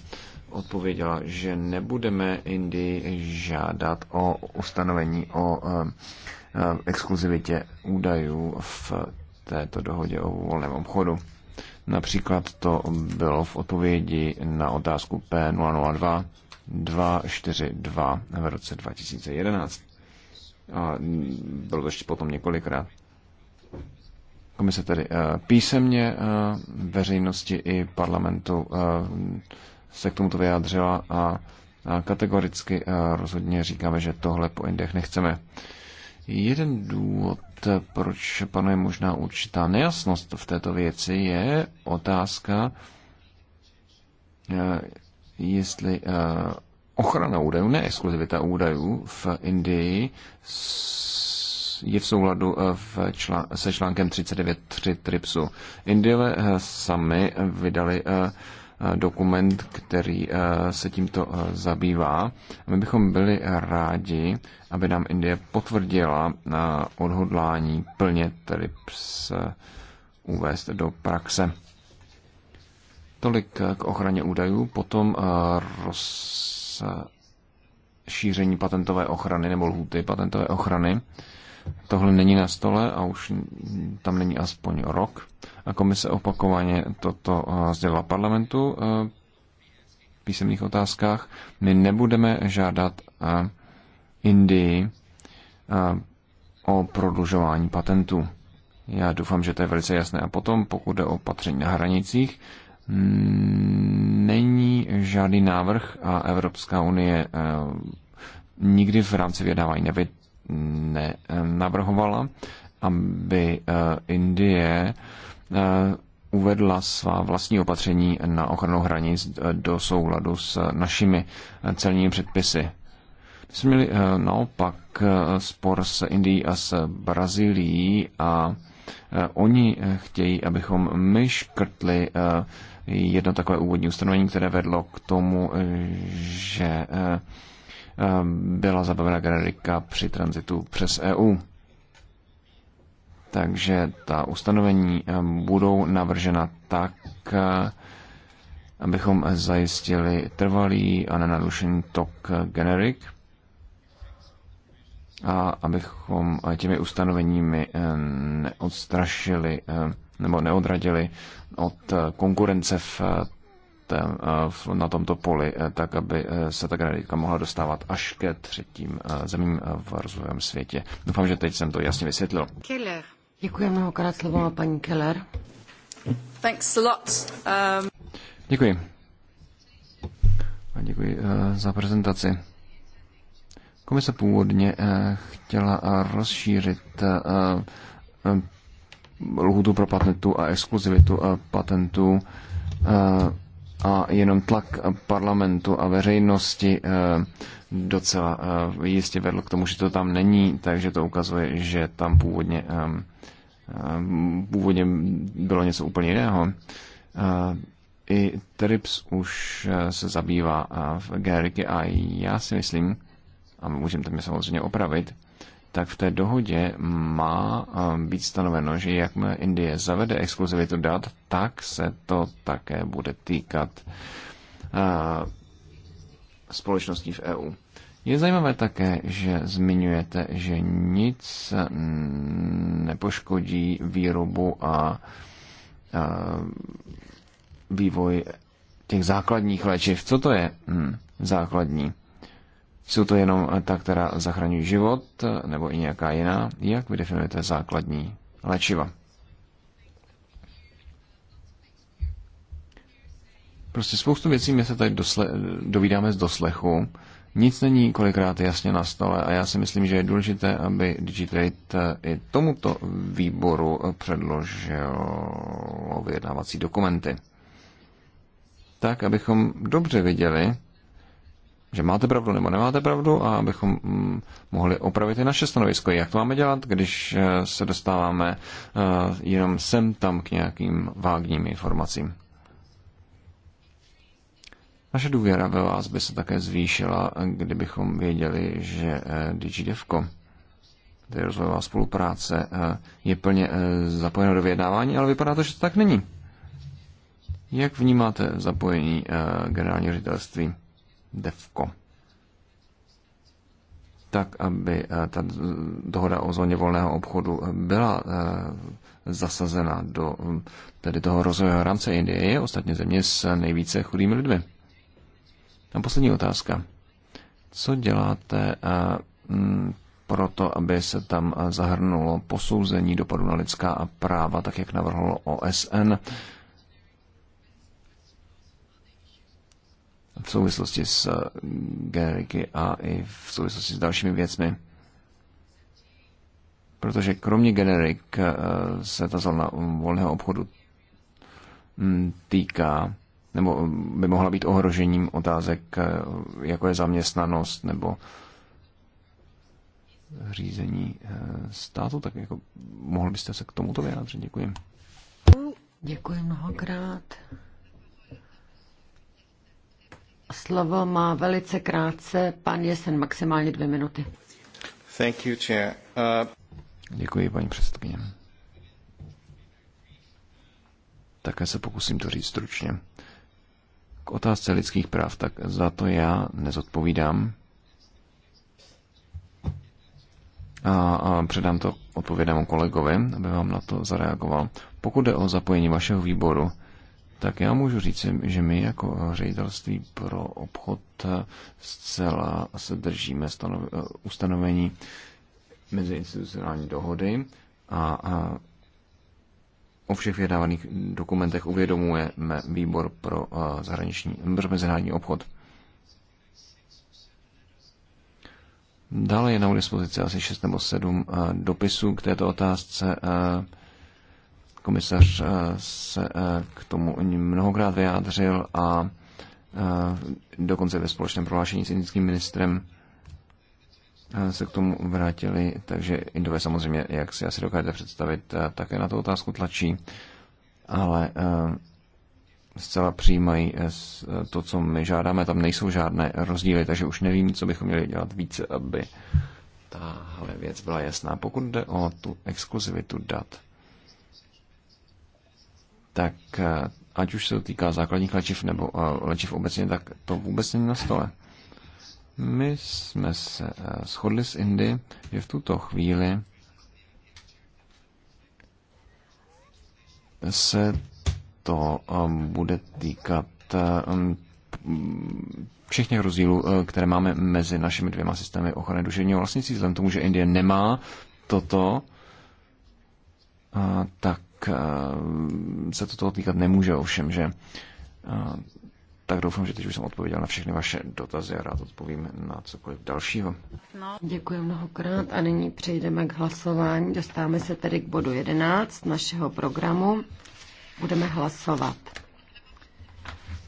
B: odpověděla, že nebudeme Indii žádat o ustanovení o eh, eh, exkluzivitě údajů v této dohodě o volném obchodu. Například to bylo v odpovědi na otázku P002 242 v roce 2011. A bylo to ještě potom několikrát komise tedy eh, písemně eh, veřejnosti i parlamentu eh, se k tomuto vyjádřila a kategoricky rozhodně říkáme, že tohle po Indech nechceme. Jeden důvod, proč panuje možná určitá nejasnost v této věci, je otázka, jestli ochrana údajů, ne exkluzivita údajů v Indii, je v souladu eh, v čla, se článkem 39.3 TRIPSu. Indiové eh, sami vydali eh, dokument, který se tímto zabývá. My bychom byli rádi, aby nám Indie potvrdila odhodlání plně TRIPS uvést do praxe. Tolik k ochraně údajů, potom rozšíření patentové ochrany nebo lhuty patentové ochrany. Tohle není na stole a už tam není aspoň rok. A komise opakovaně toto eh, sdělila parlamentu eh, v písemných otázkách. My nebudeme žádat eh, Indii o prodlužování patentů. Já doufám, že to je velice jasné. A potom, pokud jde o opatření na hranicích, mm, není žádný návrh a Evropská unie nikdy v rámci vědávání nenavrhovala, aby eh, Indie eh, uvedla svá vlastní opatření na ochranu hranic eh, do souladu s našimi celními předpisy. My jsme měli naopak spor s Indií a s Brazílií a oni chtějí, abychom my škrtli jedno takové úvodní ustanovení, které vedlo k tomu, že Ehm, byla zabavena generika při tranzitu přes EU. Takže ta ustanovení ehm, budou navržena tak, eh, abychom zajistili trvalý a nenarušený tok generik a abychom těmi ustanoveními eh, neodstrašili eh, nebo neodradili od konkurence v Eh, na tomto poli, eh, tak aby eh, se ta granitka mohla dostávat až ke třetím zemím v rozvojovém světě. Doufám, že teď jsem to jasně vysvětlil.
E: Keller. Děkuji mnohokrát slovo paní Keller. Thanks a lot.
C: Um...
B: Děkuji. A děkuji za prezentaci. Komise původně chtěla rozšířit lhutu pro patentu a exkluzivitu patentu a jenom tlak parlamentu a veřejnosti eh, docela eh, jistě vedl k tomu, že to tam není, takže to ukazuje, že tam původně, eh, původně bylo něco úplně jiného. I TRIPS už se zabývá v Geriky a já si myslím, a můžeme to mě samozřejmě opravit, tak v té dohodě má eh, být stanoveno, že jakmile Indie zavede exkluzivitu dat, tak se to také bude týkat eh, společností v EU. Je zajímavé také, že zmiňujete, že nic nepoškodí výrobu a eh, vývoj těch základních léčiv. Co to je hmm, základní? Jsou to jenom ta, která zachraňují život, nebo i nějaká jiná? Jak vy definujete základní léčiva? Prostě spoustu věcí my se tady dosle- dovídáme z doslechu. Nic není kolikrát jasně na stole a já si myslím, že je důležité, aby Digitrade eh, i tomuto výboru eh, předložil vyjednávací dokumenty. Tak, abychom dobře viděli, že máte pravdu nebo nemáte pravdu a abychom mm, mohli opravit i naše stanovisko. Jak to máme dělat, když eh, se dostáváme eh, jenom sem tam k nějakým vágním informacím? Naše důvěra ve vás by se také zvýšila, kdybychom věděli, že eh, který tedy rozvojová spolupráce, je plně zapojeno do vyjednávání, ale vypadá to, že to tak není. Jak vnímáte zapojení generálního ředitelství? DEVKO. Tak, aby eh, ta dohoda o zóně volného obchodu eh, byla eh, zasazena do hm, tedy toho rozvojového rámce Indie, je ostatně země s nejvíce chudými lidmi. A poslední otázka. Co děláte hm, pro to, aby se tam zahrnulo posouzení dopadu na lidská práva, tak jak navrhlo OSN? v souvislosti s mm, generiky a i v souvislosti s dalšími věcmi. Protože kromě generik eh, se ta zóna volného obchodu mm, týká, nebo mm, by mohla být ohrožením otázek, eh, jako je zaměstnanost nebo řízení eh, státu, tak jako mohl byste se k tomuto vyjádřit. Děkuji.
E: Děkuji mnohokrát. Slovo má velice krátce pan Jesen, maximálně dvě minuty.
B: Thank you, chair. Uh... Děkuji, paní předsedkyně. Také se pokusím to říct stručně. K otázce lidských práv, tak za to já nezodpovídám. A, a předám to odpovědnému kolegovi, aby vám na to zareagoval. Pokud jde o zapojení vašeho výboru, tak já můžu říct, že my jako ředitelství pro obchod zcela se držíme stanovi, ustanovení meziinstitucionální dohody a, a o všech vydávaných dokumentech uvědomujeme výbor pro zahraniční mezinárodní obchod. Dále je na dispozici asi 6 nebo 7 dopisů k této otázce. A, Komisař eh, se eh, k tomu mnohokrát vyjádřil a eh, dokonce ve společném prohlášení s indickým ministrem se k tomu vrátili, takže Indové samozřejmě, jak si asi dokážete představit, také na tu otázku tlačí, ale zcela přijímají to, co my žádáme, tam nejsou žádné rozdíly, takže už nevím, co bychom měli dělat více, aby tahle věc byla jasná. Pokud jde o tu exkluzivitu dat, tak eh, ať už se to týká základních léčiv nebo eh, léčiv obecně, tak to vůbec není na stole. My jsme se eh, shodli s Indy, že v tuto chvíli se to bude týkat mm, všech těch rozdílů, které máme mezi našimi dvěma systémy ochrany duševního vlastnictví, vzhledem tomu, že Indie nemá toto, tak Eh, se to toho týkat nemůže ovšem, že eh, tak doufám, že teď už jsem odpověděl na všechny vaše dotazy a rád odpovím na cokoliv dalšího.
E: No, děkuji mnohokrát a nyní přejdeme k hlasování. Dostáváme se tedy k bodu 11 našeho programu. Budeme hlasovat.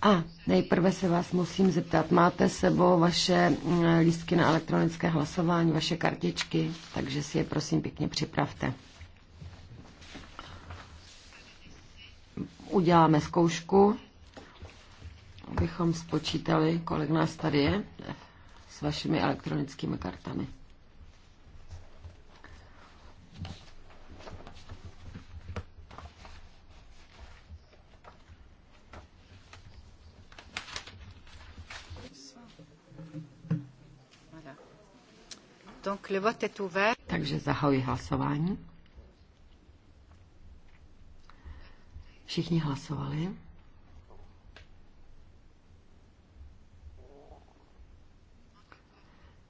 E: A nejprve se vás musím zeptat, máte sebou vaše eh, lístky na elektronické hlasování, vaše kartičky, takže si je prosím pěkně připravte. uděláme zkoušku, abychom spočítali, kolik nás tady je s vašimi elektronickými kartami. Takže zahajuji hlasování. Všichni hlasovali.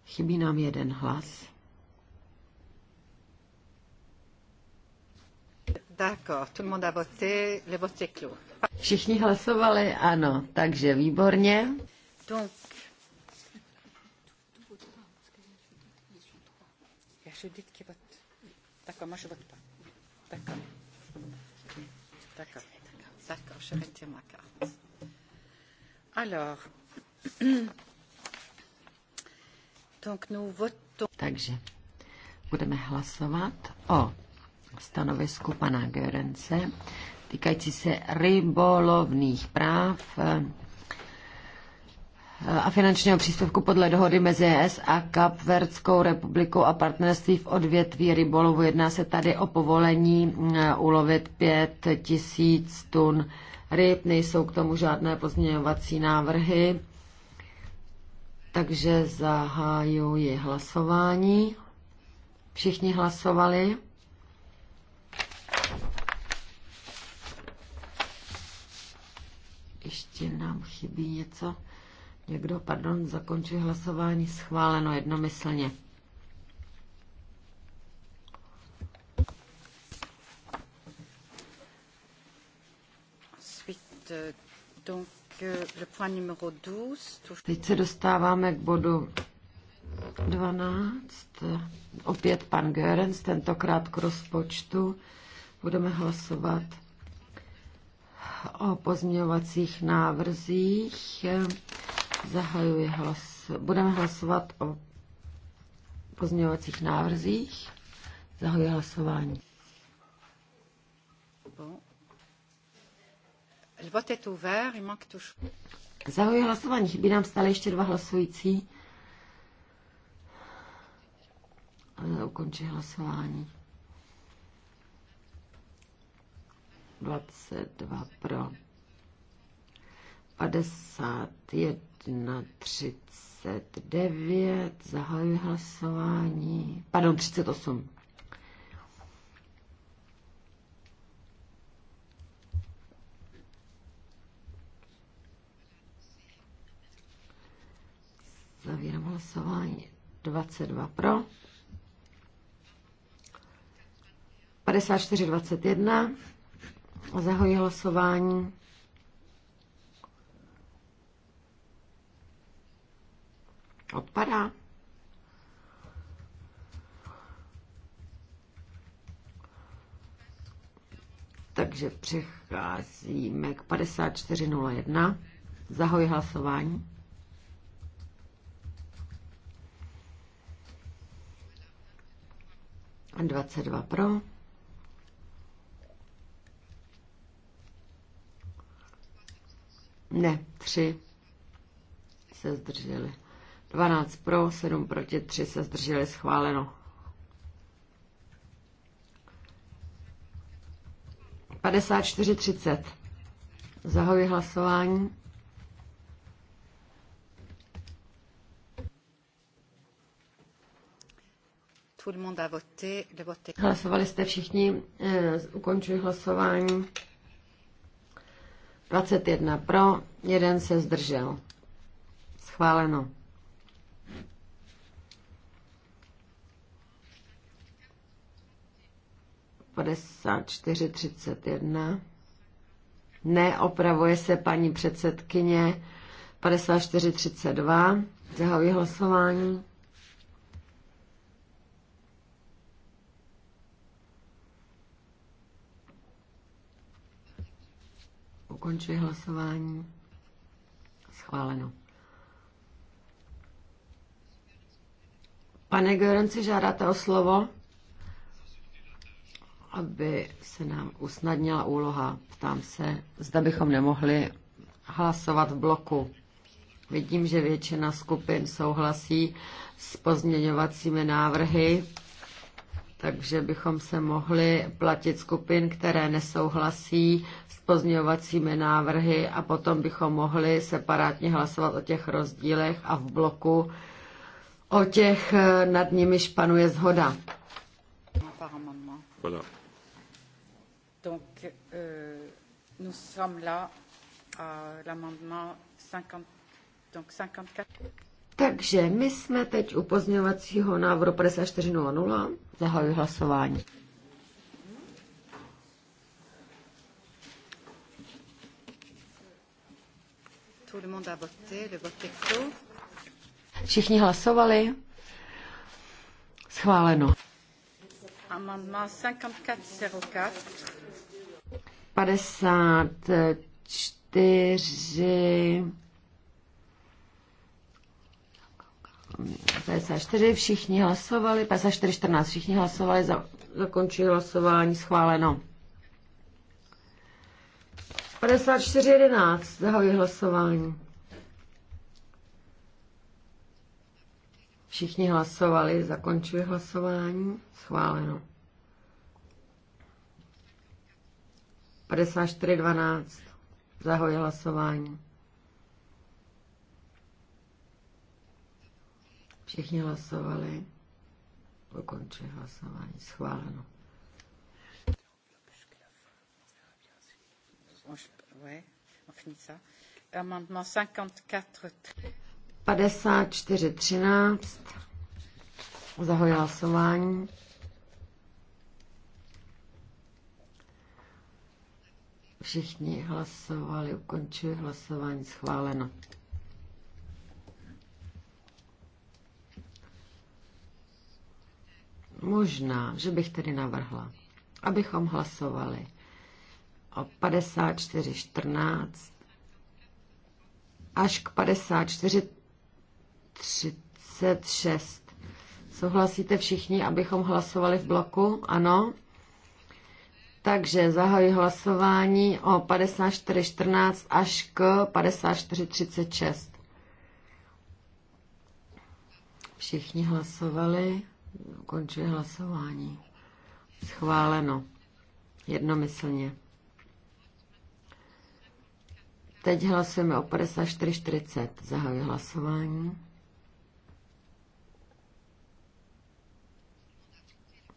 E: Chybí nám jeden hlas. Všichni hlasovali, ano, takže výborně.
C: Donc, Judith qui tak D'accord, moi je tak pas. tak D'accord. D'accord, je retire ma carte. Alors, donc nous votons...
E: Takže budeme hlasovat o stanovisku pana Görence týkající se rybolovných práv a finančního příspěvku podle dohody mezi ES a Kapverdskou republikou a partnerství v odvětví rybolovu. Jedná se tady o povolení eh, ulovit 5 tisíc tun ryb. Nejsou k tomu žádné pozměňovací návrhy. Takže zahájuji hlasování. Všichni hlasovali. Ještě nám chybí něco. Někdo, pardon, zakončí hlasování. Schváleno jednomyslně.
C: Euh, euh, Teď se
E: dostáváme k bodu 12. Opět pan Görens, tentokrát k rozpočtu. Budeme hlasovat o pozměňovacích návrzích. Zahajuji hlas. Budeme hlasovat o pozměňovacích návrzích. Zahajuji hlasování. Zahajuji hlasování, chybí nám stále ještě dva hlasující. Ale ukončí hlasování. 22 pro. 51 na 39, zahajuji hlasování, pardon, 38. Zavírám hlasování 22 pro. 54, 21. Zahoji hlasování. vypadá. Takže přecházíme k 54.01. Zahoj hlasování. A 22 pro. Ne, tři se zdrželi. 12 pro, 7 proti, 3 se zdrželi schváleno. 54.30. Zahoji hlasování.
C: Hlasovali jste
E: všichni, eh, ukončuji hlasování. 21 pro, jeden se zdržel. Schváleno. 54.31. Ne, opravuje se paní předsedkyně. 54.32. Zahajuji hlasování. Ukončuji hlasování. Schváleno. Pane Görenci, žádáte o slovo? aby se nám usnadnila úloha. Ptám se, zda bychom nemohli hlasovat v bloku. Vidím, že většina skupin souhlasí s pozměňovacími návrhy, takže bychom se mohli platit skupin, které nesouhlasí s pozměňovacími návrhy a potom bychom mohli separátně hlasovat o těch rozdílech a v bloku o těch eh, nad nimi španuje zhoda. Voilà.
C: Donc, euh, nous sommes là à l'amendement 50, donc 54.
E: Takže my jsme teď u pozměňovacího návrhu 54.00. Zahajuji hlasování. Všichni hlasovali. Schváleno.
C: Amendement 5404.
E: 54. 54 všichni hlasovali, 54 14 všichni hlasovali, za, zakončili hlasování, schváleno. 54 11 zahoji hlasování. Všichni hlasovali, zakončuji hlasování, schváleno. 54.12. Zahoji hlasování. Všichni hlasovali. Ukončuji hlasování. Schváleno.
C: Amendement 54.
E: 54.13. Zahoj hlasování. Všichni hlasovali, ukončuji hlasování, schváleno. Možná, že bych tedy navrhla, abychom hlasovali o 54.14 až k 54 36. Souhlasíte všichni, abychom hlasovali v bloku? Ano. Takže zahajuji hlasování o 54.14 až k 54.36. Všichni hlasovali, končuje hlasování. Schváleno. Jednomyslně. Teď hlasujeme o 54.40. Zahajuji hlasování.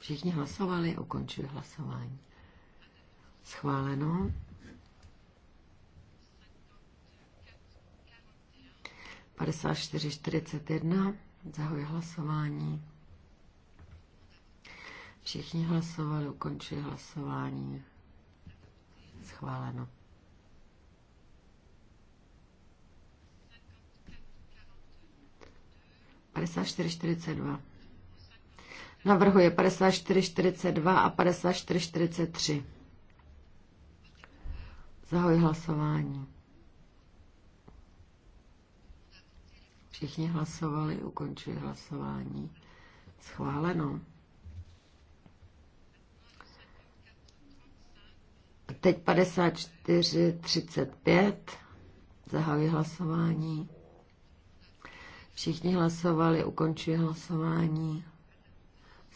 E: Všichni hlasovali, ukončuji hlasování. Schváleno. 54-41, hlasování. Všichni hlasovali, ukončuji hlasování. Schváleno. čtyřicet 42 navrhuje 5442 a 5443. Zahoj hlasování. Všichni hlasovali, ukončuji hlasování. Schváleno. Teď 54.35. Zahajuji hlasování. Všichni hlasovali, ukončuji hlasování.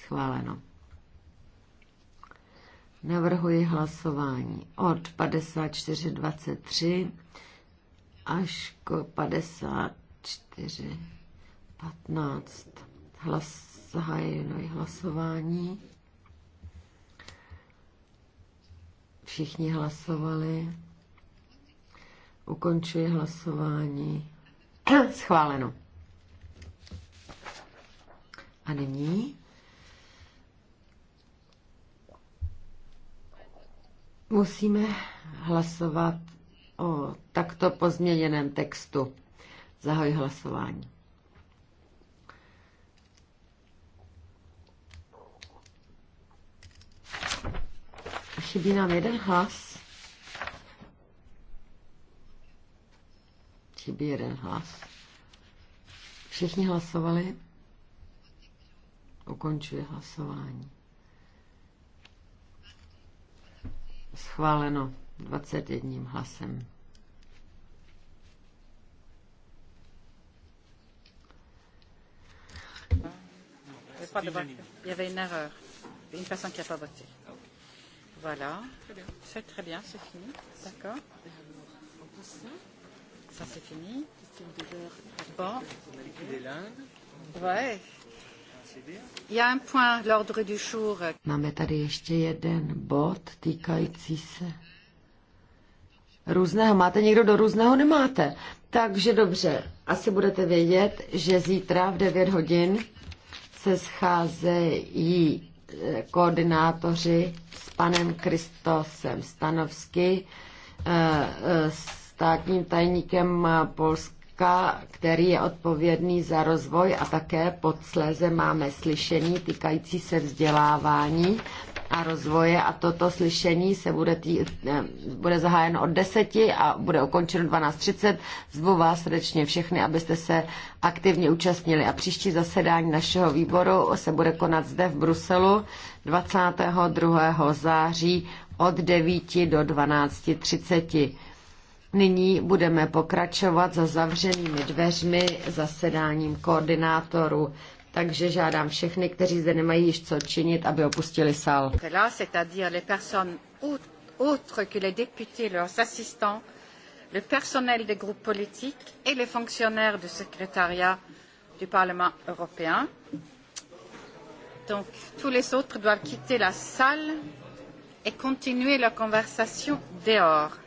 E: Schváleno. Navrhuji hlasování od 54.23 až k 54.15. Hlas, zahájenou hlasování. Všichni hlasovali. Ukončuji hlasování. Schváleno. A nyní Musíme hlasovat o takto pozměněném textu. Zahoj hlasování. Chybí nám jeden hlas. Chybí jeden hlas. Všichni hlasovali. Ukončuji hlasování. Schváleno 21 hlasem.
C: Il y avait une erreur, une personne qui n'a pas voté. Voilà. C'est très bien, c'est fini. D'accord. Ça, c'est fini. Bon. Ouais.
E: Máme tady ještě jeden bod týkající se různého. Máte někdo do různého? Nemáte. Takže dobře, asi budete vědět, že zítra v 9 hodin se scházejí eh, koordinátoři s panem Kristosem Stanovsky, eh, eh, státním tajníkem Polska Křivka, který je odpovědný za rozvoj a také pod sléze máme slyšení týkající se vzdělávání a rozvoje a toto slyšení se bude, tý, eh, bude zahájeno od 10 a bude ukončeno 12.30. Zvu vás srdečně všechny, abyste se aktivně účastnili a příští zasedání našeho výboru se bude konat zde v Bruselu 22. září od 9 do 12.30 Nyní budeme pokračovat za zavřenými dveřmi zasedáním koordinátorů. Takže žádám všechny, kteří zde nemají již co činit, aby opustili sál.
C: autres que les députés, leurs assistants, le personnel des groupes politiques et les fonctionnaires du secrétariat du Parlement européen. Donc, tous les autres doivent quitter la salle et continuer leur conversation dehors.